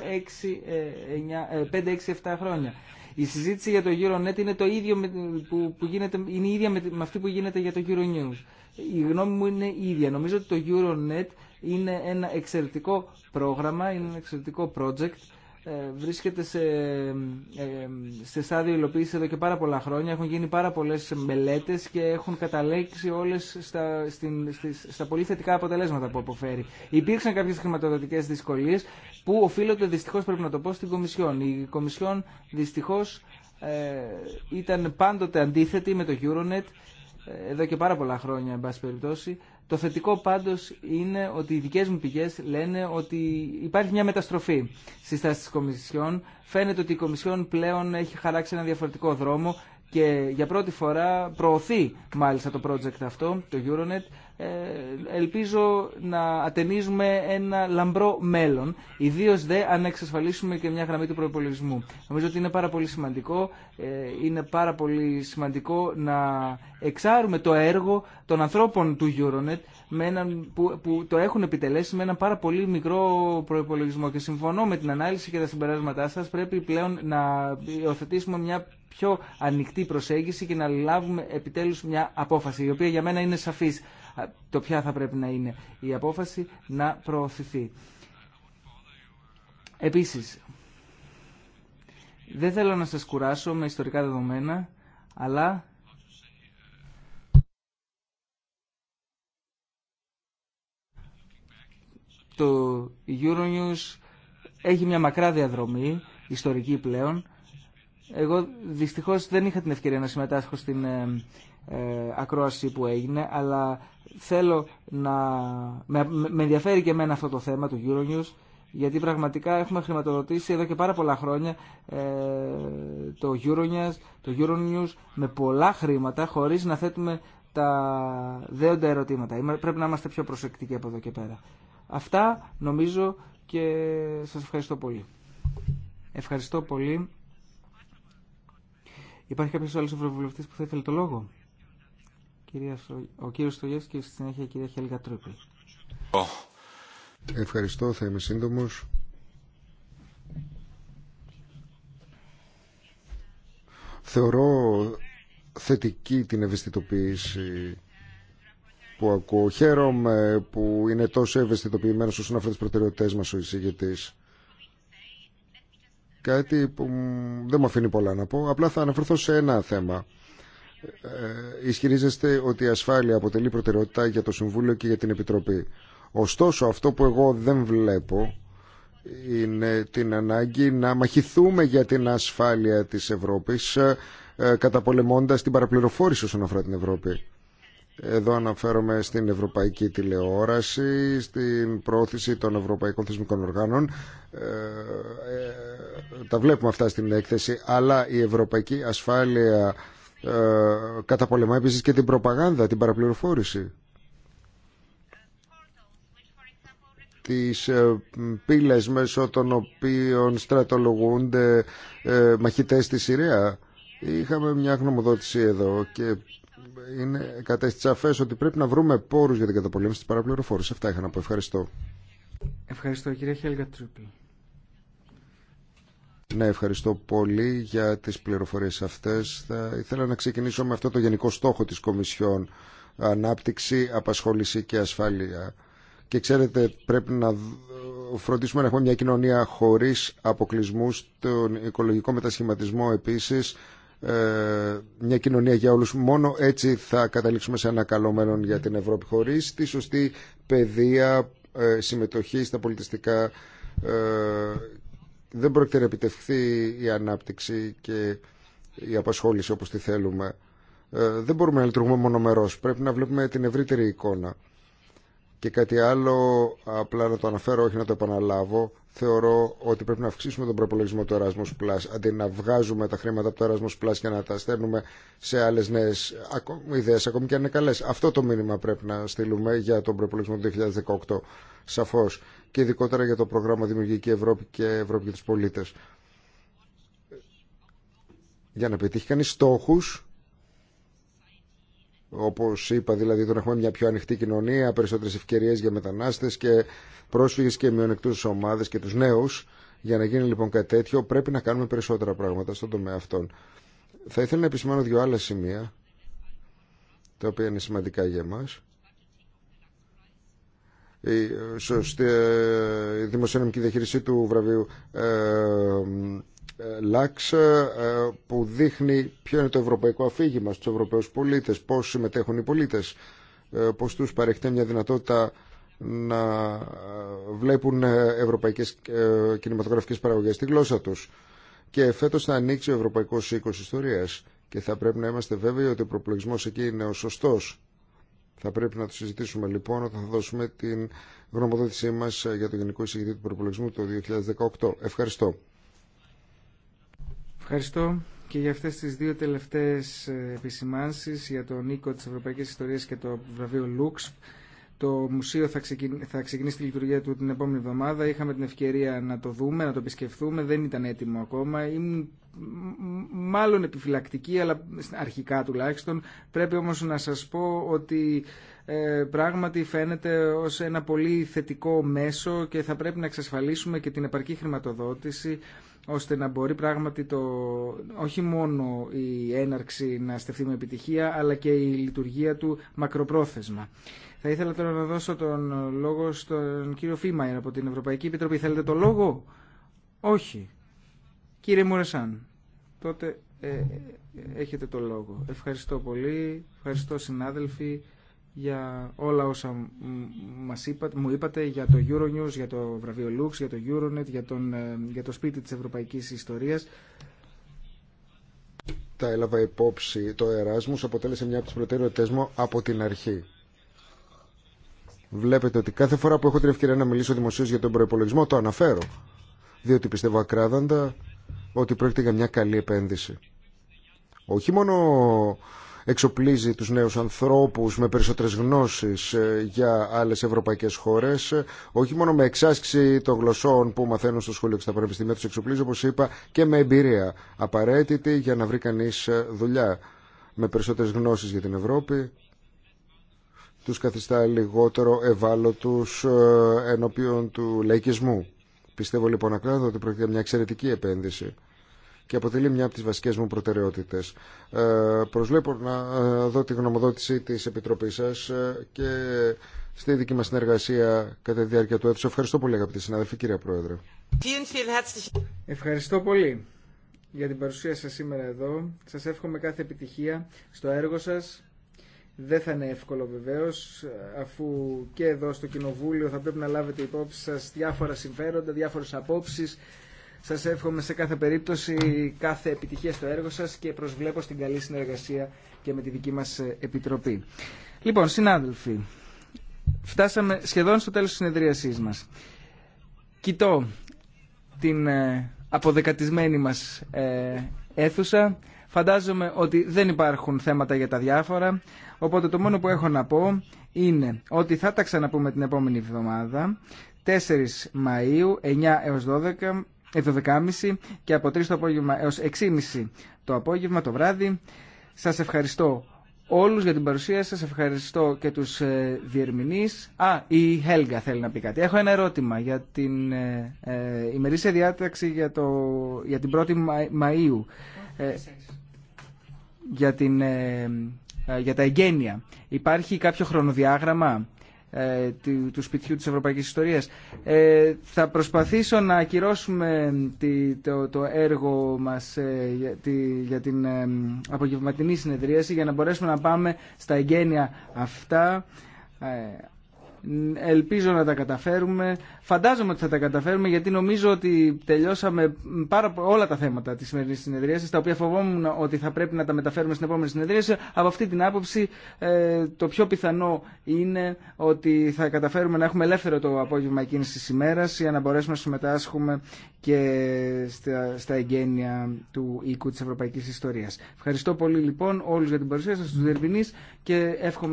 Speaker 1: ε, χρόνια. Η συζήτηση για το Euronet είναι, το ίδιο με, που, που γίνεται, είναι η ίδια με, με αυτή που γίνεται για το Euronews. Η γνώμη μου είναι η ίδια. Νομίζω ότι το Euronet είναι ένα εξαιρετικό πρόγραμμα, είναι ένα εξαιρετικό project ε, βρίσκεται σε, ε, σε στάδιο υλοποίηση εδώ και πάρα πολλά χρόνια. Έχουν γίνει πάρα πολλέ μελέτες και έχουν καταλέξει όλες στα, στα πολύ θετικά αποτελέσματα που αποφέρει. Υπήρξαν κάποιες χρηματοδοτικές δυσκολίες που οφείλονται δυστυχώ πρέπει να το πω στην Κομισιόν. Η Κομισιόν δυστυχώ, ε, ήταν πάντοτε αντίθετη με το Euronet εδώ και πάρα πολλά χρόνια, εν πάση περιπτώσει. Το θετικό πάντως είναι ότι οι δικέ μου πηγές λένε ότι υπάρχει μια μεταστροφή στη στάση τη Κομισιόν. Φαίνεται ότι η Κομισιόν πλέον έχει χαράξει ένα διαφορετικό δρόμο και για πρώτη φορά προωθεί μάλιστα το project αυτό, το Euronet, ε, ελπίζω να ατενίζουμε ένα λαμπρό μέλλον, ιδίω δε αν εξασφαλίσουμε και μια γραμμή του προπολογισμού. Νομίζω ότι είναι πάρα πολύ σημαντικό, ε, είναι πάρα πολύ σημαντικό να εξάρουμε το έργο των ανθρώπων του Euronet με έναν, που, που το έχουν επιτελέσει με ένα πάρα πολύ μικρό προπολογισμό. Και συμφωνώ με την ανάλυση και τα συμπεράσματά σα. Πρέπει πλέον να υιοθετήσουμε μια πιο ανοιχτή προσέγγιση και να λάβουμε επιτέλου μια απόφαση, η οποία για μένα είναι σαφή το ποια θα πρέπει να είναι η απόφαση να προωθηθεί. Επίσης, δεν θέλω να σας κουράσω με ιστορικά δεδομένα, αλλά το Euronews έχει μια μακρά διαδρομή, ιστορική πλέον. Εγώ δυστυχώς δεν είχα την ευκαιρία να συμμετάσχω στην ε, ε ακρόαση που έγινε, αλλά θέλω να... Με, ενδιαφέρει και εμένα αυτό το θέμα του Euronews, γιατί πραγματικά έχουμε χρηματοδοτήσει εδώ και πάρα πολλά χρόνια ε, το, Euronews, το Euronews με πολλά χρήματα, χωρίς να θέτουμε τα δέοντα ερωτήματα. Πρέπει να είμαστε πιο προσεκτικοί από εδώ και πέρα. Αυτά νομίζω και σας ευχαριστώ πολύ. Ευχαριστώ πολύ. Υπάρχει κάποιος άλλος ευρωβουλευτής που θα ήθελε το λόγο ο κύριος Στογιάς και στη συνέχεια η κυρία Χέλγα Τρούπη.
Speaker 3: Ευχαριστώ, θα είμαι σύντομος. Θεωρώ θετική την ευαισθητοποίηση που ακούω. Χαίρομαι που είναι τόσο ευαισθητοποιημένος όσον αφορά τις προτεραιότητες μας ο εισηγητής. Κάτι που δεν μου αφήνει πολλά να πω. Απλά θα αναφερθώ σε ένα θέμα ε, ισχυρίζεστε ότι η ασφάλεια αποτελεί προτεραιότητα για το Συμβούλιο και για την Επιτροπή. Ωστόσο, αυτό που εγώ δεν βλέπω είναι την ανάγκη να μαχηθούμε για την ασφάλεια της Ευρώπης ε, καταπολεμώντας την παραπληροφόρηση όσον αφορά την Ευρώπη. Εδώ αναφέρομαι στην ευρωπαϊκή τηλεόραση, στην πρόθεση των ευρωπαϊκών θεσμικών οργάνων. Ε, ε τα βλέπουμε αυτά στην έκθεση, αλλά η ευρωπαϊκή ασφάλεια ε, καταπολεμά επίσης και την προπαγάνδα, την παραπληροφόρηση. τις ε, πύλες μέσω των οποίων στρατολογούνται ε, μαχητές στη Συρία. Είχαμε μια γνωμοδότηση εδώ και είναι κατέστη ότι πρέπει να βρούμε πόρους για την καταπολέμηση της παραπληροφόρησης. Αυτά είχα να πω. Ευχαριστώ.
Speaker 1: Ευχαριστώ κύριε Χέλγα Τρούπη.
Speaker 3: Ναι, ευχαριστώ πολύ για τις πληροφορίες αυτές. Θα ήθελα να ξεκινήσω με αυτό το γενικό στόχο της Κομισιόν. Ανάπτυξη, απασχόληση και ασφάλεια. Και ξέρετε, πρέπει να φροντίσουμε να έχουμε μια κοινωνία χωρίς αποκλεισμούς, τον οικολογικό μετασχηματισμό επίσης, ε, μια κοινωνία για όλους. Μόνο έτσι θα καταλήξουμε σε ένα καλό μέλλον για την Ευρώπη χωρίς τη σωστή παιδεία, ε, συμμετοχή στα πολιτιστικά ε, δεν πρόκειται να επιτευχθεί η ανάπτυξη και η απασχόληση όπως τη θέλουμε. Ε, δεν μπορούμε να λειτουργούμε μονομερώς. Πρέπει να βλέπουμε την ευρύτερη εικόνα. Και κάτι άλλο, απλά να το αναφέρω, όχι να το επαναλάβω, θεωρώ ότι πρέπει να αυξήσουμε τον προπολογισμό του Erasmus Plus αντί να βγάζουμε τα χρήματα από το Erasmus Plus και να τα στέλνουμε σε άλλες νέες ιδέες, ακόμη και αν είναι καλές. Αυτό το μήνυμα πρέπει να στείλουμε για τον προπολογισμό του 2018, σαφώς, και ειδικότερα για το πρόγραμμα Δημιουργική Ευρώπη και Ευρώπη για τους πολίτες. Για να πετύχει κανείς στόχους, Όπω είπα, δηλαδή, να έχουμε μια πιο ανοιχτή κοινωνία, περισσότερες ευκαιρίες για μετανάστες και πρόσφυγες και μειονεκτούς ομάδες και τους νέους. Για να γίνει λοιπόν κάτι τέτοιο πρέπει να κάνουμε περισσότερα πράγματα στον τομέα αυτών. Θα ήθελα να επισημάνω δύο άλλα σημεία, τα οποία είναι σημαντικά για εμά. Η ε, σωστή ε, η δημοσιονομική διαχείριση του βραβείου ε, Λάξ ε, που δείχνει ποιο είναι το ευρωπαϊκό αφήγημα στους ευρωπαίους πολίτες, πώς συμμετέχουν οι πολίτες, ε, πώς τους παρέχεται μια δυνατότητα να ε, βλέπουν ευρωπαϊκές κινηματογραφικές παραγωγές στη γλώσσα τους. Και φέτος θα ανοίξει ο Ευρωπαϊκός Οίκος Ιστορίας και θα πρέπει να είμαστε βέβαιοι ότι ο προπλογισμός εκεί είναι ο σωστός. Θα πρέπει να το συζητήσουμε λοιπόν όταν θα δώσουμε την γνωμοδότησή μας για το Γενικό Εισηγητή του Προπολογισμού το 2018. Ευχαριστώ.
Speaker 1: Ευχαριστώ και για αυτές τις δύο τελευταίες ε, επισημάνσεις για τον Νίκο της Ευρωπαϊκής Ιστορίας και το βραβείο Λουξ. Το μουσείο θα, ξεκινήσει, θα ξεκινήσει τη λειτουργία του την επόμενη εβδομάδα. Είχαμε την ευκαιρία να το δούμε, να το επισκεφθούμε. Δεν ήταν έτοιμο ακόμα. Ήμουν μάλλον επιφυλακτική, αλλά αρχικά τουλάχιστον. Πρέπει όμως να σας πω ότι ε, πράγματι φαίνεται ως ένα πολύ θετικό μέσο και θα πρέπει να εξασφαλίσουμε και την επαρκή χρηματοδότηση ώστε να μπορεί πράγματι το, όχι μόνο η έναρξη να στεφθεί με επιτυχία, αλλά και η λειτουργία του μακροπρόθεσμα. Θα ήθελα τώρα να δώσω τον λόγο στον κύριο Φίμαϊρ από την Ευρωπαϊκή Επιτροπή. Θέλετε το λόγο? Όχι. Κύριε Μουρεσάν, τότε ε, ε, έχετε το λόγο. Ευχαριστώ πολύ, ευχαριστώ συνάδελφοι για όλα όσα μας μου είπατε για το Euronews, για το βραβείο Lux, για το Euronet, για, τον, ε, για το σπίτι της ευρωπαϊκής ιστορίας.
Speaker 3: Τα έλαβα υπόψη. Το Εράσμους αποτέλεσε μια από τις προτεραιότητες μου από την αρχή. Βλέπετε ότι κάθε φορά που έχω την ευκαιρία να μιλήσω δημοσίω για τον προπολογισμό, το αναφέρω. Διότι πιστεύω ακράδαντα ότι πρόκειται για μια καλή επένδυση. Όχι μόνο εξοπλίζει τους νέους ανθρώπους με περισσότερες γνώσεις ε, για άλλες ευρωπαϊκές χώρες, ε, όχι μόνο με εξάσκηση των γλωσσών που μαθαίνουν στο σχολείο και στα πανεπιστήμια, τους εξοπλίζει όπως είπα και με εμπειρία απαραίτητη για να βρει κανεί ε, δουλειά με περισσότερες γνώσεις για την Ευρώπη τους καθιστά λιγότερο ευάλωτους ενώπιον του λαϊκισμού. Πιστεύω λοιπόν ακράδο ότι πρόκειται μια εξαιρετική επένδυση και αποτελεί μια από τις βασικές μου προτεραιότητες. Ε, να ε, δω τη γνωμοδότηση της Επιτροπής σας ε, και στη δική μας συνεργασία κατά τη διάρκεια του έτου. Ευχαριστώ πολύ αγαπητή συνάδελφοι, κυρία Πρόεδρε.
Speaker 1: Ευχαριστώ πολύ για την παρουσία σας σήμερα εδώ. Σας εύχομαι κάθε επιτυχία στο έργο σας. Δεν θα είναι εύκολο βεβαίω, αφού και εδώ στο Κοινοβούλιο θα πρέπει να λάβετε υπόψη σα διάφορα συμφέροντα, διάφορε απόψει σας εύχομαι σε κάθε περίπτωση κάθε επιτυχία στο έργο σας και προσβλέπω στην καλή συνεργασία και με τη δική μας επιτροπή. Λοιπόν, συνάδελφοι, φτάσαμε σχεδόν στο τέλος της συνεδρίασής μας. Κοιτώ την ε, αποδεκατισμένη μας ε, αίθουσα. Φαντάζομαι ότι δεν υπάρχουν θέματα για τα διάφορα, οπότε το μόνο που έχω να πω είναι ότι θα τα ξαναπούμε την επόμενη εβδομάδα, 4 Μαΐου, 9 έως 12, 12.30 και από 3 το απόγευμα έως 6.30 το απόγευμα το βράδυ. Σας ευχαριστώ όλους για την παρουσία σας, ευχαριστώ και τους ε, διερμηνείς. Α, η Χέλγα θέλει να πει κάτι. Έχω ένα ερώτημα για την ε, ε, ημερήσια διάταξη για, το, για την 1η Μαΐου. Ε, για, την, ε, ε, για τα εγγένεια. Υπάρχει κάποιο χρονοδιάγραμμα ε, του, του σπιτιού της Ευρωπαϊκής Ιστορίας. Ε, θα προσπαθήσω να ακυρώσουμε το, έργο μας ε, για, την ε, απογευματινή συνεδρίαση για να μπορέσουμε να πάμε στα εγγένεια αυτά. Ελπίζω να τα καταφέρουμε. Φαντάζομαι ότι θα τα καταφέρουμε γιατί νομίζω ότι τελειώσαμε πάρα όλα τα θέματα τη σημερινή συνεδρίαση, τα οποία φοβόμουν ότι θα πρέπει να τα μεταφέρουμε στην επόμενη συνεδρία Από αυτή την άποψη, ε, το πιο πιθανό είναι ότι θα καταφέρουμε να έχουμε ελεύθερο το απόγευμα εκείνη τη ημέρα για να μπορέσουμε να συμμετάσχουμε και στα, στα εγγένεια του οίκου τη Ευρωπαϊκή Ιστορία. Ευχαριστώ πολύ λοιπόν όλου για την παρουσία σα, του Δερβινή και εύχομαι.